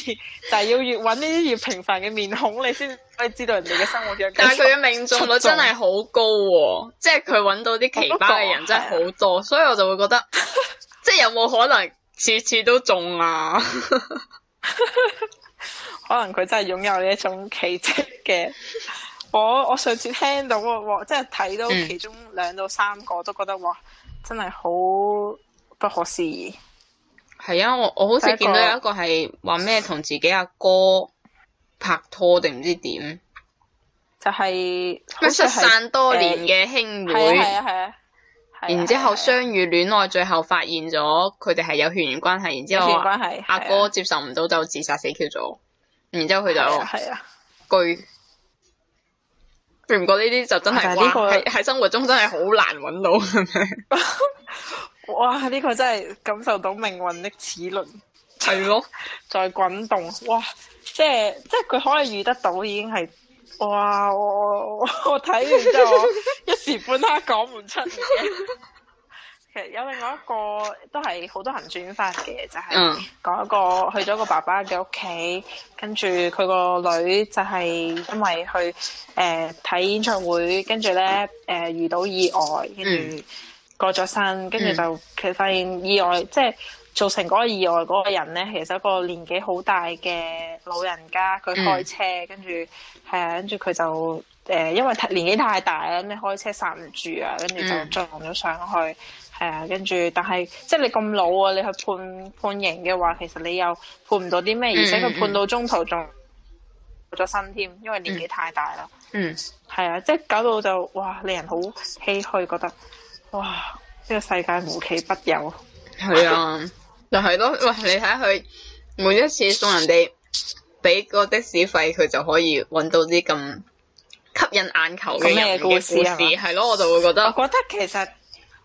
[SPEAKER 2] 但係 要越搵呢啲越平凡嘅面孔，你先可以知道人哋嘅生活樣。但係佢嘅命中率真係
[SPEAKER 1] 好高喎， 即係佢搵到啲奇葩嘅人真係好多， 所以我就會覺得，即係有冇可能次次都中啊？ 可
[SPEAKER 2] 能佢真係擁有呢一種奇蹟嘅。我我上次聽到，哇！即係睇到其中兩到三個，都覺得哇，真係好不可
[SPEAKER 1] 思議。係啊，我我好似見到有一個係話咩同自己阿哥，哥拍拖定唔知點，就係、係、失散多年嘅兄妹，啊、嗯，啊。然之後相遇戀愛，最後發現咗佢哋係有血緣關係，然之後阿哥，哥接受唔到就自殺死 Q 咗，然之後佢就啊，巨。不過呢啲就真係喺喺生活中真係好難揾到。 哇！呢、呢個真係
[SPEAKER 2] 感受到命運的齒輪係咯，在的 滾動。哇！即係即係佢可以遇得到，已經係哇！我我睇完就， 一時半刻講唔出嘅。 其實有另外一個都係好多人轉發
[SPEAKER 1] 嘅，就係、係嗯、
[SPEAKER 2] 講一個去咗個爸爸嘅屋企，跟住佢個女就係因為去誒睇、呃、演唱會，跟住咧誒遇到意外，跟住。嗯過咗身，跟住就佢發現意外，即係造成嗰個意外嗰個人咧，其實一個年紀好大嘅老人家，佢開車、嗯、跟住係啊，跟住佢就誒、呃，因為年紀太大啦，咩開車剎唔住啊，跟住就撞咗上去係啊，跟住、嗯嗯、但係即係你咁老啊，你去判判刑嘅話，其實你又判唔到啲咩，嗯嗯而且佢判到中途仲過咗身添，因為年紀太大啦、嗯。嗯，係啊，即係搞到就哇，令人好唏噓，覺得。哇！呢、這個世界無奇不有，
[SPEAKER 1] 係啊的， 就係咯。餵，你睇下佢每一次送人哋俾個的士費，佢就可以揾到啲咁吸引眼球嘅故事啊！係
[SPEAKER 2] 咯事，我就會覺得我覺得其實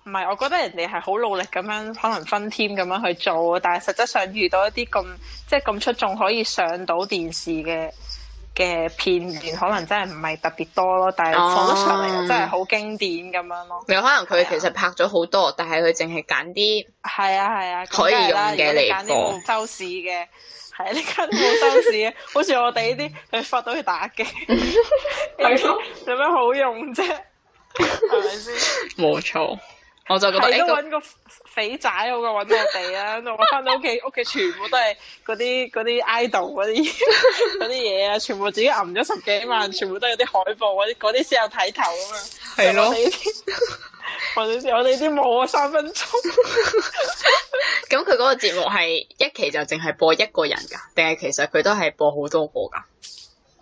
[SPEAKER 2] 唔係，我覺得人哋係好努力咁樣可能分添咁樣去做，但係實質上遇到一啲咁即係咁出眾，可以上到電視
[SPEAKER 1] 嘅。嘅片段可能真係唔係特別多咯，但係放咗上嚟又真係好經典咁樣咯。有 可能佢其實拍咗好多，但係佢淨係揀啲，係啊係啊，可以用嘅你揀啲。
[SPEAKER 2] 收視嘅，係呢、啊、 家都冇收視嘅，好似 我哋呢啲，佢發 到去打機， 有咩好用啫？係
[SPEAKER 1] 咪先？冇錯。我都揾
[SPEAKER 2] 個那肥仔，好 我過揾我哋啊！我翻到屋企，屋企全部都係嗰啲啲 idol 嗰啲啲嘢啊！全部自己揞咗十幾萬，全部都係啲海報嗰啲啲先有睇頭啊！
[SPEAKER 1] 係咯， 我哋我哋啲冇啊！三分鐘咁，佢嗰個節目係一期就淨係播一個人噶，定係其實佢都係播好多個噶？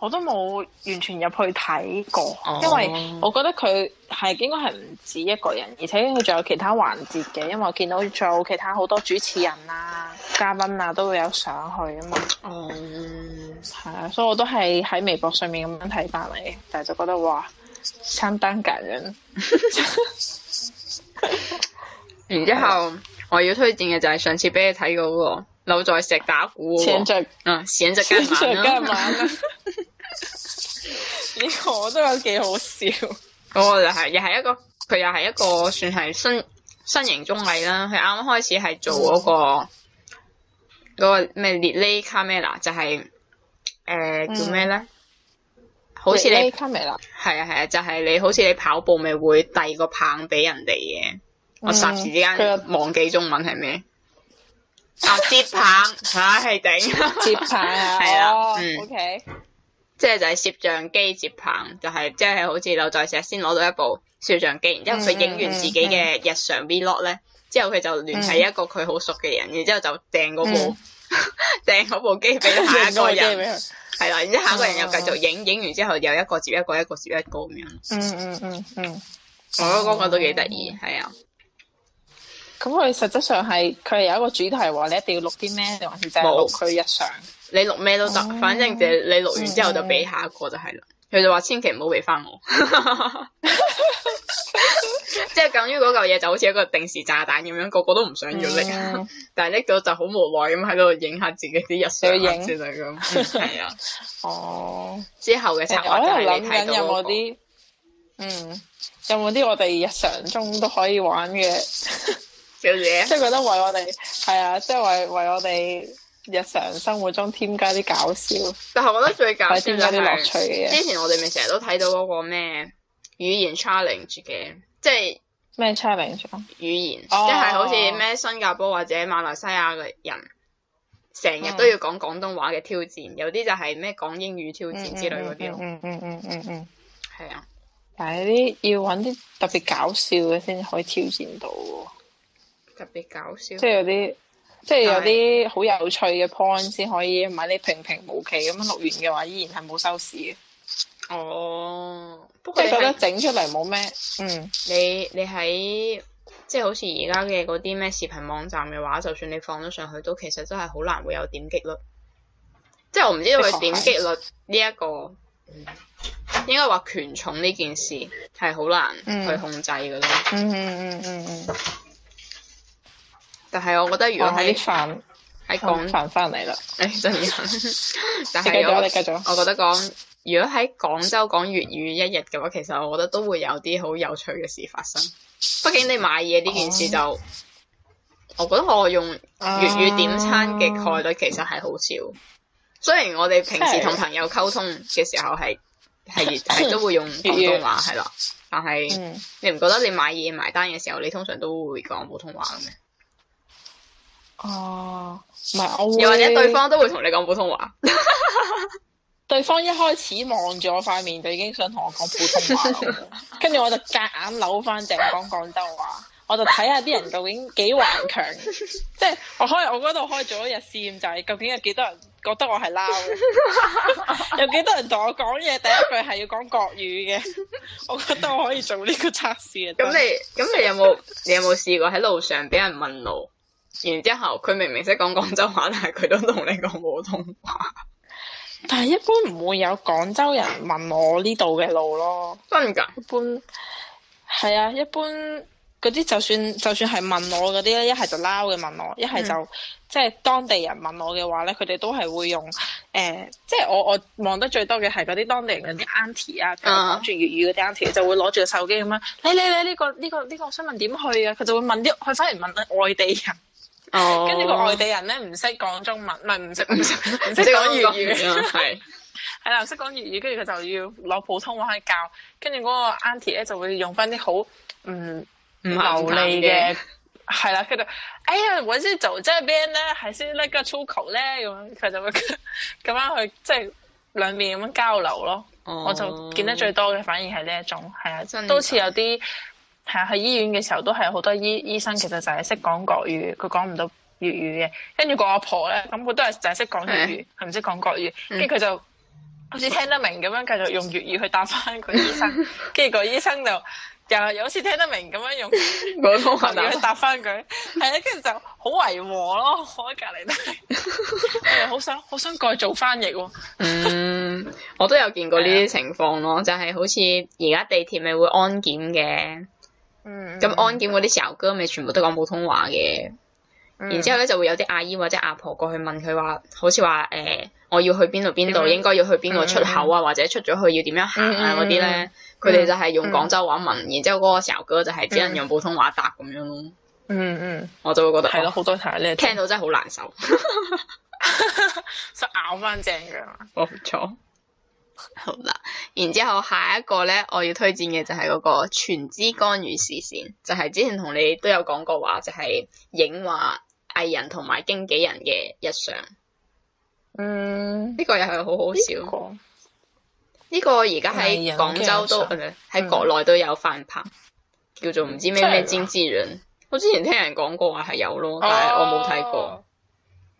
[SPEAKER 2] 我都冇完全入去睇過，oh。因為我覺得佢係應該係唔止一個人，而且佢仲有其他環節嘅，因為我見到仲有其他好多主持人啊、嘉賓啊都會有上去啊嘛。Oh。嗯，係啊，所以我都係喺微博上面咁樣睇翻嚟，但係就覺得哇，相當感
[SPEAKER 1] 人。然之後我要推薦嘅就係上次俾你睇嗰、那個《留在石打鼓》嗰、那個，請著嗯，請著今晚啦。我都有幾好笑，嗰個就係又係一個佢又係一個算係新新型綜藝啦。佢啱啱開始係做嗰個嗰個咩？Lele Camera 就係誒叫咩咧？好似 Lele Camera 係啊係啊，就係你好似你跑步咪會遞個棒俾人哋嘅，
[SPEAKER 2] 我霎時之間
[SPEAKER 1] 忘記中文係咩？啊，接棒嚇係頂，接棒係啦，嗯 OK。即係就係攝像機接棒，就係即係好似劉在石先攞到一部攝像機，然之後佢影完自己嘅日常 vlog 咧，之後佢就聯繫一個佢好熟嘅人，然之後就訂嗰部，嗯、 訂嗰部機俾下一個人，係啦，然之後下一個人又繼續影，影完之後又一個接一個，一個接一個咁樣。嗯嗯嗯
[SPEAKER 2] 嗯，
[SPEAKER 1] 嗯嗯嗯我覺得嗰個都幾得意，係啊、嗯。
[SPEAKER 2] 咁佢的、嗯、實質上係佢
[SPEAKER 1] 有一個主題話，你一定要錄啲咩，定係錄佢日常？你錄咩都得，反正就你錄完之後就俾下一個就係啦。佢就話千祈唔好俾翻我，即係關於嗰嚿嘢就好似一個定時炸彈咁樣，個個都唔想要拎，但係拎到就好無奈咁喺度影下自己啲日常，之類咁。係啊，哦，之後嘅策劃就有睇啲，嗯，
[SPEAKER 2] 有冇啲我哋日常中都可以玩嘅小姐？即係覺得為我哋，係啊，即係為為我哋。日常生活中添加啲搞笑，
[SPEAKER 1] 但係我覺得最搞笑嘅係之前我哋咪成日都睇到嗰個咩語言 challenge 嘅，即係
[SPEAKER 2] 咩 challenge
[SPEAKER 1] 語言，即係、哦、好似咩新加坡或者馬來西亞嘅人成日都要講廣東話嘅挑戰，嗯、有啲就係咩講英語挑戰之類嗰啲咯。嗯嗯嗯嗯嗯，係、嗯嗯嗯嗯
[SPEAKER 2] 嗯嗯嗯、啊，但係啲要揾啲特別搞笑嘅先可以挑戰到喎，
[SPEAKER 1] 特別搞笑，即係有啲。
[SPEAKER 2] 即係有啲好有趣嘅 point 先可以，唔係你平平無奇咁樣錄完嘅話，依然係冇收視嘅。哦，
[SPEAKER 1] 不過你覺得整出嚟冇咩。嗯。你你喺即係好似而家嘅嗰啲咩視頻網站嘅話，就算你放咗上去，都其實真係好難會有點擊率。即係我唔知道佢點擊率呢一個，應該話權重呢件事係好難去控制嘅咯、嗯。嗯嗯嗯嗯嗯。嗯嗯嗯但係，我覺得如果喺喺廣翻翻嚟啦，哎真嘅。但係我繼續我覺得講，如果喺廣州講粵語一日嘅話，其實我覺得都會有啲好有趣嘅事發生。畢竟你買嘢呢件事就，oh. 我覺得我用粵語點餐嘅概率其實係好少。Uh. 雖然我哋平時同朋友溝通嘅時候係係係都會用普通話係啦 月，但係、嗯、你唔覺得你買嘢埋單嘅時候，你通常都會講普通話嘅咩？哦，唔係我會，又或者對方都會同你講普通話。
[SPEAKER 2] 對方一開始望住我塊面就已經想同我講普通話，跟住我就夾硬扭翻 就講廣州話。我就睇下啲人究竟幾頑強。即係我開我嗰度開咗一日試驗，就係，究竟有幾多人覺得我係撈？ 有幾多人同我講嘢？第一句係要講國語嘅，我覺得我可以做呢
[SPEAKER 1] 個測試。咁你咁你有冇你有冇試過喺路上俾人問路？然之後，佢明明識講廣州話，但係佢都同你講普通話。但係
[SPEAKER 2] 一般唔會有廣州人問我呢度嘅路咯，真噶？一般係啊，一般嗰啲就算就算係問我嗰啲咧，一係就撈嘅問我，一係就即係當地人問我嘅話咧，佢哋都係會用誒，即係我我望得最多嘅係嗰啲當地人嗰啲 auntie 啊，就講住粵語嗰啲 auntie 就會攞住個手機咁樣，你你你呢個呢個呢個想問點去啊？佢就會問啲，佢反而問啲外地人。哦，跟住、oh. 個外地人咧唔識講中文，唔係唔識，唔識，識 講， 講粵
[SPEAKER 1] 語，
[SPEAKER 2] 係係啦，識講粵語，跟住佢就要攞普通話去教，跟住嗰個 auntie 咧就會用翻啲好唔
[SPEAKER 1] 唔流利嘅，
[SPEAKER 2] 係啦，佢 就哎呀，我先做即係 band 咧，係先 like 叻個足球咧，咁樣佢就會咁樣去即係兩邊咁樣交流咯。Oh. 我就見得最多嘅反而係呢一種，係啊，真的都似有啲。係啊，喺醫院嘅時候都係好多醫醫生，其實就係識講國語，佢講唔到粵語嘅。跟住個阿婆咧，咁佢都係就係識講粵語，係唔識講國語。跟住佢就好似聽得明咁樣，繼續用粵語去答翻佢醫生。跟住、嗯、個醫生就又，又好似聽得明咁樣用國 語去答翻佢。係啊，跟住就好違和咯。我喺隔離都
[SPEAKER 1] 係好想好想過做翻譯喎。 嗯，我都有見過呢啲情況咯，就係、是、好似而家地鐵咪會安檢嘅。咁安檢嗰啲時候，嗰咪全部都講普通話嘅。然之後咧就會有啲阿姨或者阿婆過去問佢話，好似話誒，我要去邊度邊度，應該要去邊個出口啊，或者出咗去要點樣行啊嗰啲咧，佢哋就係用廣州話問，然之後嗰個時候嗰就係只能用普通話答咁樣咯。嗯嗯，我就會覺得係咯，好多時候咧聽到真係好難受，
[SPEAKER 2] 想咬翻隻腳。
[SPEAKER 1] 冇錯。好啦，然之後下一個咧，我要推薦嘅就係嗰個《全知干預視線》就是，就係之前同你都有講過話，就係影話藝人同埋經紀人嘅日常。嗯，呢個又係好好笑。呢、呢個而家喺廣州都喺、嗯、國內都有翻拍，嗯、叫做唔知咩咩《尖枝軟》，我之前聽人講過話係有咯，但係我冇睇過。哦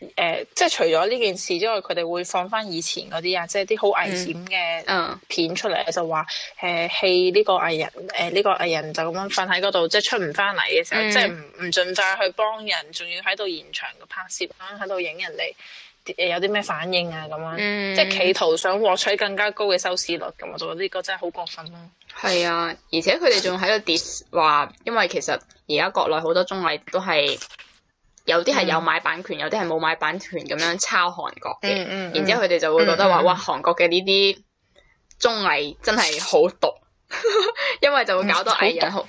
[SPEAKER 2] 誒、呃，即係除咗呢件事之外，佢哋會放翻以前嗰啲啊，即係啲好危險嘅片出嚟，就話誒戲呢個藝人，誒、呃、呢、呢個藝人就咁樣瞓喺嗰度，即係出唔翻嚟嘅時候，嗯、即係唔唔盡快去幫人，仲要喺度現場拍攝，咁喺度影人哋誒有啲咩反應啊咁樣，嗯、即係企圖想獲取更加高嘅收視率咁啊！我覺得呢個真係好過分咯、啊。
[SPEAKER 1] 係啊、嗯，而且佢哋仲喺度 dis 話，因為其實而家國內好多綜藝都係。有啲係有買版權，有啲係冇買版權咁樣抄韓國嘅，嗯嗯嗯、然之後佢哋就會覺得話：嗯嗯、哇，韓國嘅呢啲綜藝真係好毒， 因為就會搞到藝人好、嗯，好，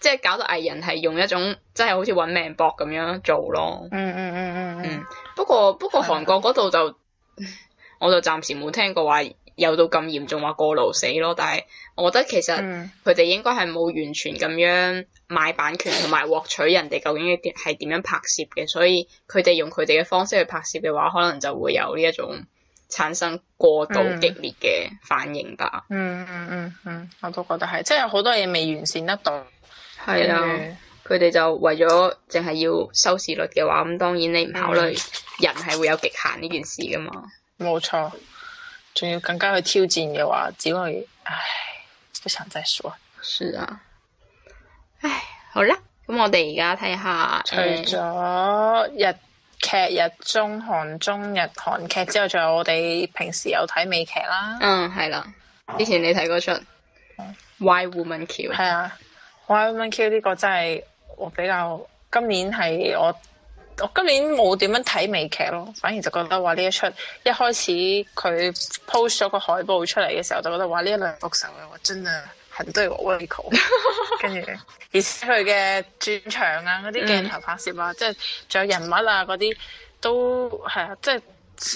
[SPEAKER 1] 即係搞到藝人係用一種真係好似揾命搏咁樣做咯。嗯嗯嗯嗯。嗯，嗯嗯嗯不過不過韓國嗰度就，嗯、我就暫時冇聽過話，有到咁嚴重話過勞死咯，但係我覺得其實佢哋應該係冇完全咁樣買版權同埋獲取人哋究竟一啲係點樣拍攝嘅，所以佢哋用佢哋嘅方式去拍攝嘅話，可能就會有呢一種產生過度激烈嘅反應吧。嗯嗯嗯嗯，嗯，我都覺得係，即係有好多嘢未完善得到，係啊，佢哋、嗯、就為咗淨係要收視率嘅話，咁當然你唔考慮人係會有極限呢件事噶嘛。
[SPEAKER 2] 冇錯。仲要更加去挑戰嘅話，只可以，唉，不想再說。是啊，
[SPEAKER 1] 唉，好啦，咁我哋而家睇下，
[SPEAKER 2] 除咗日劇、日中、韓中、日韓劇之後，仲有我哋平時有睇美劇啦。嗯，係啦，之前你睇嗰出《Why Woman Q》係 啊，《Why Woman Q》呢個真係我比較今年係我。我今年冇點樣睇美劇咯，反而就覺得話呢一出一開始佢 post 咗個海報出嚟嘅時候，就覺得話呢一兩幅手嘅話真係很對我胃口。跟住， 而且佢嘅轉場啊、嗰啲鏡頭拍攝啊，嗯、即係仲有人物啊嗰啲，都係啊，即係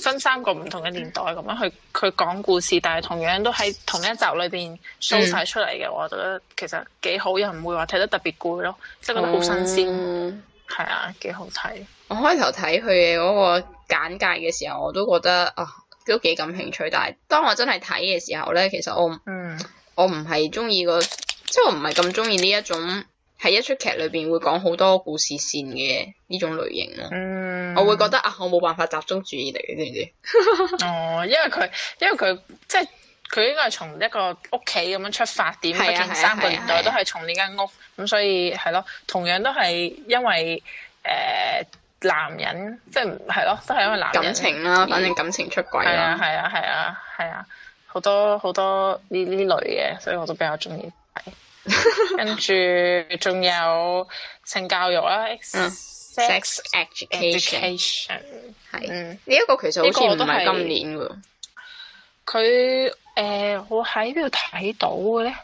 [SPEAKER 2] 分三個唔同嘅年代咁樣去佢講故事，但係同樣都喺同一集裏邊 show 晒出嚟嘅，嗯、我就覺得其實幾好，又唔會話睇得特別攰咯，即係覺得好新鮮。嗯。係啊，幾好睇！
[SPEAKER 1] 我開頭睇佢嘅嗰個簡介嘅時候，我都覺得啊，都幾感興趣。但係當我真係睇嘅時候咧，其實我，嗯，我唔係中意個，即係我唔係咁中意呢一種喺一出劇裏邊會講好多故事線嘅呢種類型咯。嗯，我會覺得啊，我冇辦法集中注意力，你知唔知？ 哦，因為佢，因為佢
[SPEAKER 2] 即係。佢應該係從一個屋企咁樣出發點，畢竟三個年代都係從呢間屋咁， 所以係咯，同樣都係因為誒、呃、男人，即係係咯，都係因為男人感情啦、啊，反正感
[SPEAKER 1] 情出軌啊，係
[SPEAKER 2] 啊係啊係啊，好多好多呢呢類嘅，所以我都比較中意睇。
[SPEAKER 1] 跟住
[SPEAKER 2] 仲有性教育啦，x, 嗯，sex education
[SPEAKER 1] 係，呢一、嗯、個其實好似唔係今年嘅，
[SPEAKER 2] 佢。誒、呃，我喺邊度睇到嘅咧？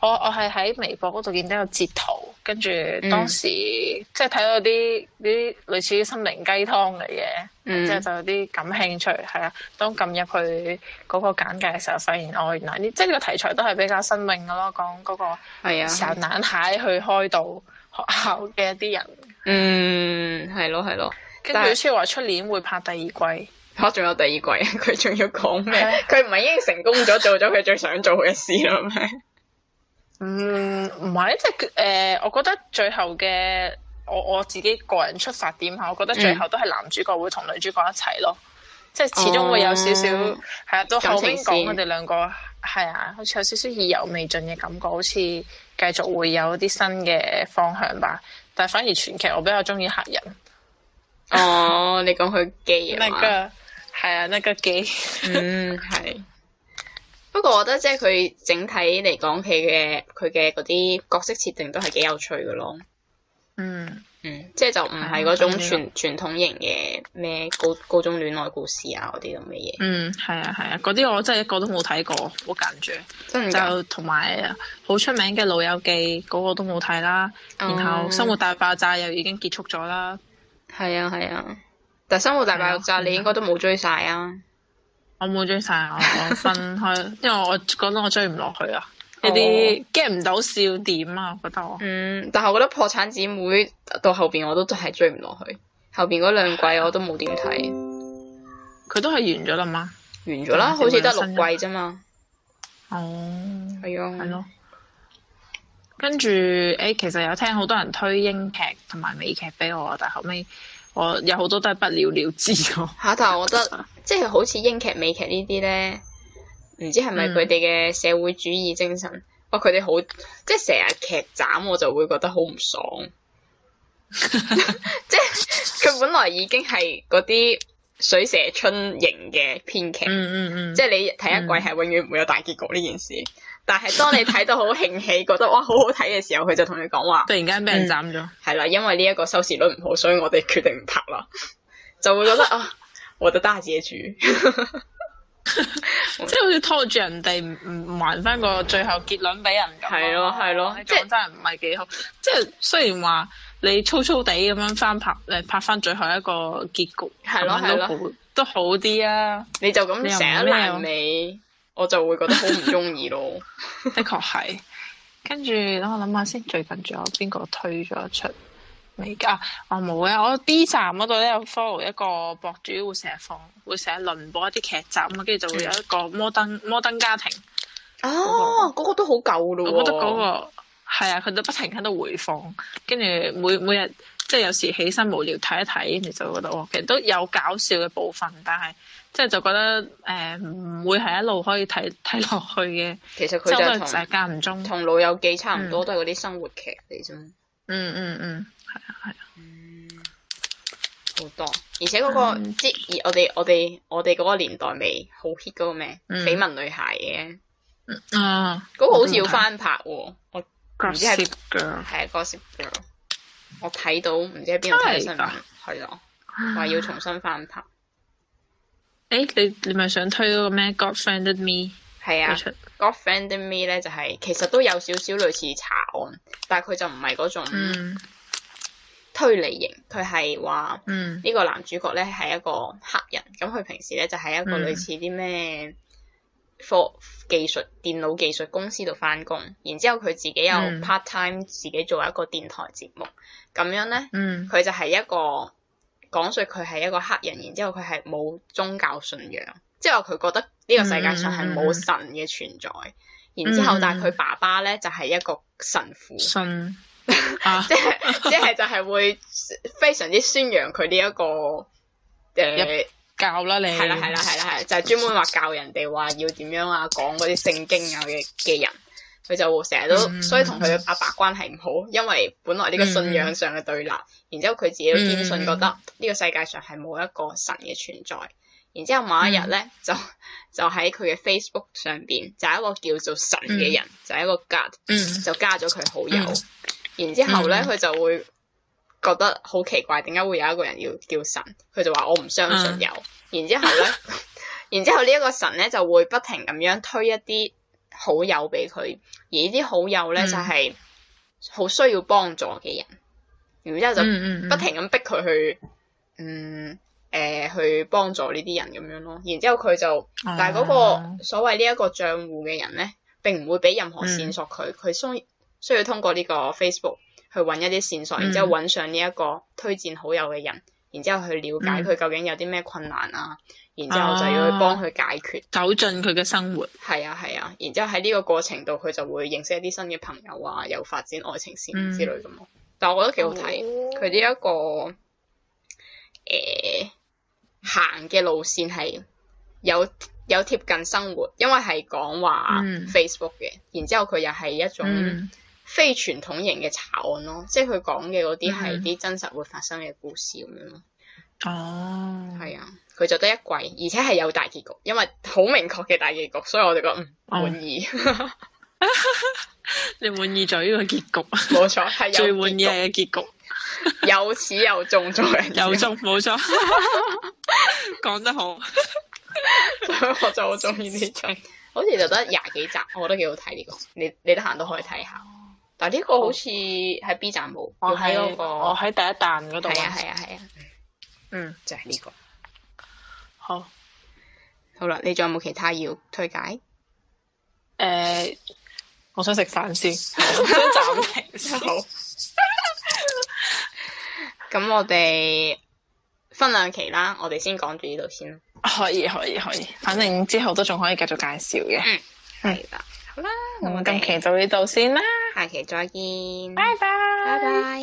[SPEAKER 2] 我我係喺微博嗰度見到有截圖，跟住當時、嗯、即係睇到啲啲類似於心靈雞湯嚟嘅，即係、嗯、就有啲感興趣。係啊，當撳入去嗰個簡介嘅時候，發現哦原來呢即係呢個題材都係比較新穎嘅咯，講、嗰個係啊成難蟹去開導學校嘅一啲人。
[SPEAKER 1] 的嗯，係咯，係咯。嗯、跟住好
[SPEAKER 2] 似話出年會拍第二季。
[SPEAKER 1] 我仲有第二季，佢仲要講咩？佢唔係已經成功咗， 做咗佢最想做嘅事啦咩？嗯，
[SPEAKER 2] 唔係，即係誒，我覺得最後嘅，我我自己個人出發點吓，我覺得最後都係男主角會同女主角一齊咯，即係始終會有少少係、哦、啊。到後邊講我哋兩個係啊，好似有少少意猶未盡嘅感覺，好似繼續會有啲新嘅方向吧。但係反而全劇我比較中意黑人。
[SPEAKER 1] 哦，你講佢 g a 係啊，那個幾、 嗯，嗯係。不過我覺得即係佢整體嚟講，佢嘅佢嘅啲角色設定都係幾有趣嘅咯。嗯嗯，嗯即係就唔係嗰種傳傳、嗯嗯、統型嘅咩高高中戀愛故事啊嗰啲咁嘅嘢。
[SPEAKER 2] 嗯，係啊係啊，嗰啲、啊、我真係一個都冇睇過，
[SPEAKER 1] 好緊住。的就
[SPEAKER 2] 同埋好出名嘅《老友記》，嗰、那個都冇睇啦。哦、然後《生活大爆炸》又已經結束咗啦。係啊係啊。但生活大爆炸、嗯、你應該都冇追晒啊！我冇追晒，我分
[SPEAKER 1] 開， 因為我覺得我追唔落去啊，一啲 get 唔到笑點啊，我覺得。嗯，但係我覺得破產姐妹到後邊我都真係追唔落去，嗯、後邊嗰兩季我都冇點睇。佢、嗯、都係完咗啦嘛？完咗啦，好似得六季啫嘛。哦，係啊，係咯。跟住，
[SPEAKER 2] 誒、欸，其實有聽好多人推英劇同埋美劇俾我，但後尾……我有好多都
[SPEAKER 1] 係不了了之咯。嚇！但係我覺得即係好似英劇、美劇呢啲咧，唔知係咪佢哋嘅社會主義精神？嗯、哇！佢哋好即係成日劇斬，我就會覺得好唔爽。 即係佢本來已經係嗰啲水蛇春型嘅編劇。嗯嗯嗯。嗯嗯即係你睇一季係永遠唔會有大結局呢件事。但係當你睇到好興起， 覺得哇好好睇嘅時候，佢就同你講話，突然間俾人斬咗，係啦、嗯，因為呢一個收視率唔好，所以我哋決定唔拍啦。 就會覺得 啊，我的大結局，
[SPEAKER 2] 即係好似拖住人哋唔還翻個最後結論俾人。係咯係咯，真係唔係幾好。即係雖然話你粗粗地咁樣翻拍，誒拍翻最後一個結局，
[SPEAKER 1] 係咯係咯，都好啲啊！啊你就咁成日爛我就會覺得好唔中意咯，
[SPEAKER 2] 的確係。跟住，等我諗下先，最近仲有邊個推咗一齣？未噶，我冇嘅。我 B 站嗰度咧有 follow 一個博主，會成日放，會成日輪播一啲劇集咁，跟住就會有一個摩登摩登家庭。哦、啊，嗰、嗰個，個都好舊咯。我覺得嗰、嗰個係啊，佢都不停喺度回放，跟住每每日即係有時起身無聊睇一睇，跟住就覺得哦，其實都有搞笑嘅部分，但係。即係就覺得誒，唔會係一路可以睇睇落去嘅。其
[SPEAKER 1] 實佢就係間唔中，同老友記差唔多，都係嗰啲生活劇嚟啫。嗯嗯嗯，係啊係啊。好多，而且嗰個即係我哋我哋我哋嗰個年代未好 hit 嗰個咩緋聞女孩嘅。啊，嗰
[SPEAKER 2] 個好似要翻
[SPEAKER 1] 拍喎，我唔知係。係啊，Gossip Girl。我睇到唔知喺邊度睇新聞，係
[SPEAKER 2] 咯，話要重新翻拍。誒、欸，你你咪想推嗰個咩？God Friended Me
[SPEAKER 1] 係啊 God Friended Me 咧就係、是、其實都有少少類似查案，但係佢就唔係嗰種推理型，佢係話呢個男主角咧係一個黑人，咁佢、嗯、平時咧就係、是、一個類似啲咩、嗯、科技術、電腦技術公司度翻工，然之後佢自己有 part time 自己做一個電台節目，咁、嗯、樣咧，佢、嗯、就係一個。講說佢係一個黑人，然之後佢係冇宗教信仰，即係話佢覺得呢個世界上係冇神嘅存在。嗯、然之後，但係佢爸爸咧就係、信、一個神父，即係即係就係會非常之宣揚佢呢一個誒、呃、教啦，你係啦係啦係啦係，就係、是、專門話教人哋話要點樣啊，講嗰啲聖經啊嘅嘅人。佢就成日都，所以同佢阿爸關係唔好，因為本來呢個信仰上嘅對立。嗯、然之後佢自己都堅信覺得呢個世界上係冇一個神嘅存在。然之後某一日咧、嗯，就就喺佢嘅 Facebook 上邊，就係、是、一個叫做神嘅人，嗯、就係一個 God、嗯、就加咗佢好友。嗯、然之後咧，佢就會覺得好奇怪，點解會有一個人要叫神？佢就話我唔相信有。啊、然之後咧，然之後呢一 個神咧就會不停咁樣推一啲。好友俾佢，而呢啲好友咧、嗯、就係好需要幫助嘅人，嗯、然之後就不停咁逼佢去，嗯，誒、嗯呃、去幫助呢啲人咁樣咯。然之後佢就，嗯、但係嗰個所謂呢一個賬戶嘅人咧，並唔會俾任何線索佢，佢需、嗯、需要通過呢個 Facebook 去揾一啲線索，嗯、然之後揾上呢一個推薦好友嘅人，然之後去了解佢究竟有啲咩困難啊，然之後就要去幫佢解決，走進佢嘅生活。係啊，係啊，然之後喺呢個過程度，佢就會認識一啲新嘅朋友啊，又發展愛情線之類咁咯。嗯、但我覺得幾好睇，佢呢一個誒行嘅路線係有有，有貼近生活，因為係講話 Facebook 嘅。嗯、然之後佢又係一種非傳統型嘅查案咯，嗯、即係佢講嘅嗰啲係啲真實會發生嘅故事咁樣咯。嗯、哦，係啊。佢就得一季，而且係有大結局，因為好明確嘅大結局，所以我哋覺得滿意。
[SPEAKER 2] 你滿意就呢個結局，冇
[SPEAKER 1] 錯，係最滿意係嘅結局，有始有終，再有終冇錯，講得好。所以我就好中意呢種，好似就得廿幾集，我覺得幾好睇呢個。你你得閒都可以睇下，但呢個好似喺 B 站冇，我喺個，我喺第一彈嗰度，係啊係啊係啊，嗯，就係呢個。Oh. 好，好啦，你仲有冇其他要推介？誒，uh, 我想食飯先，
[SPEAKER 2] 暫停先。好，
[SPEAKER 1] 咁我哋分兩期啦，我哋先講住呢度先啦。可以，可以，可以，
[SPEAKER 2] 反正之後都仲可以繼續介紹
[SPEAKER 1] 嘅。嗯，係啦，嗯、好啦，咁啊，今期到呢度先啦，下期再見，拜拜，拜拜。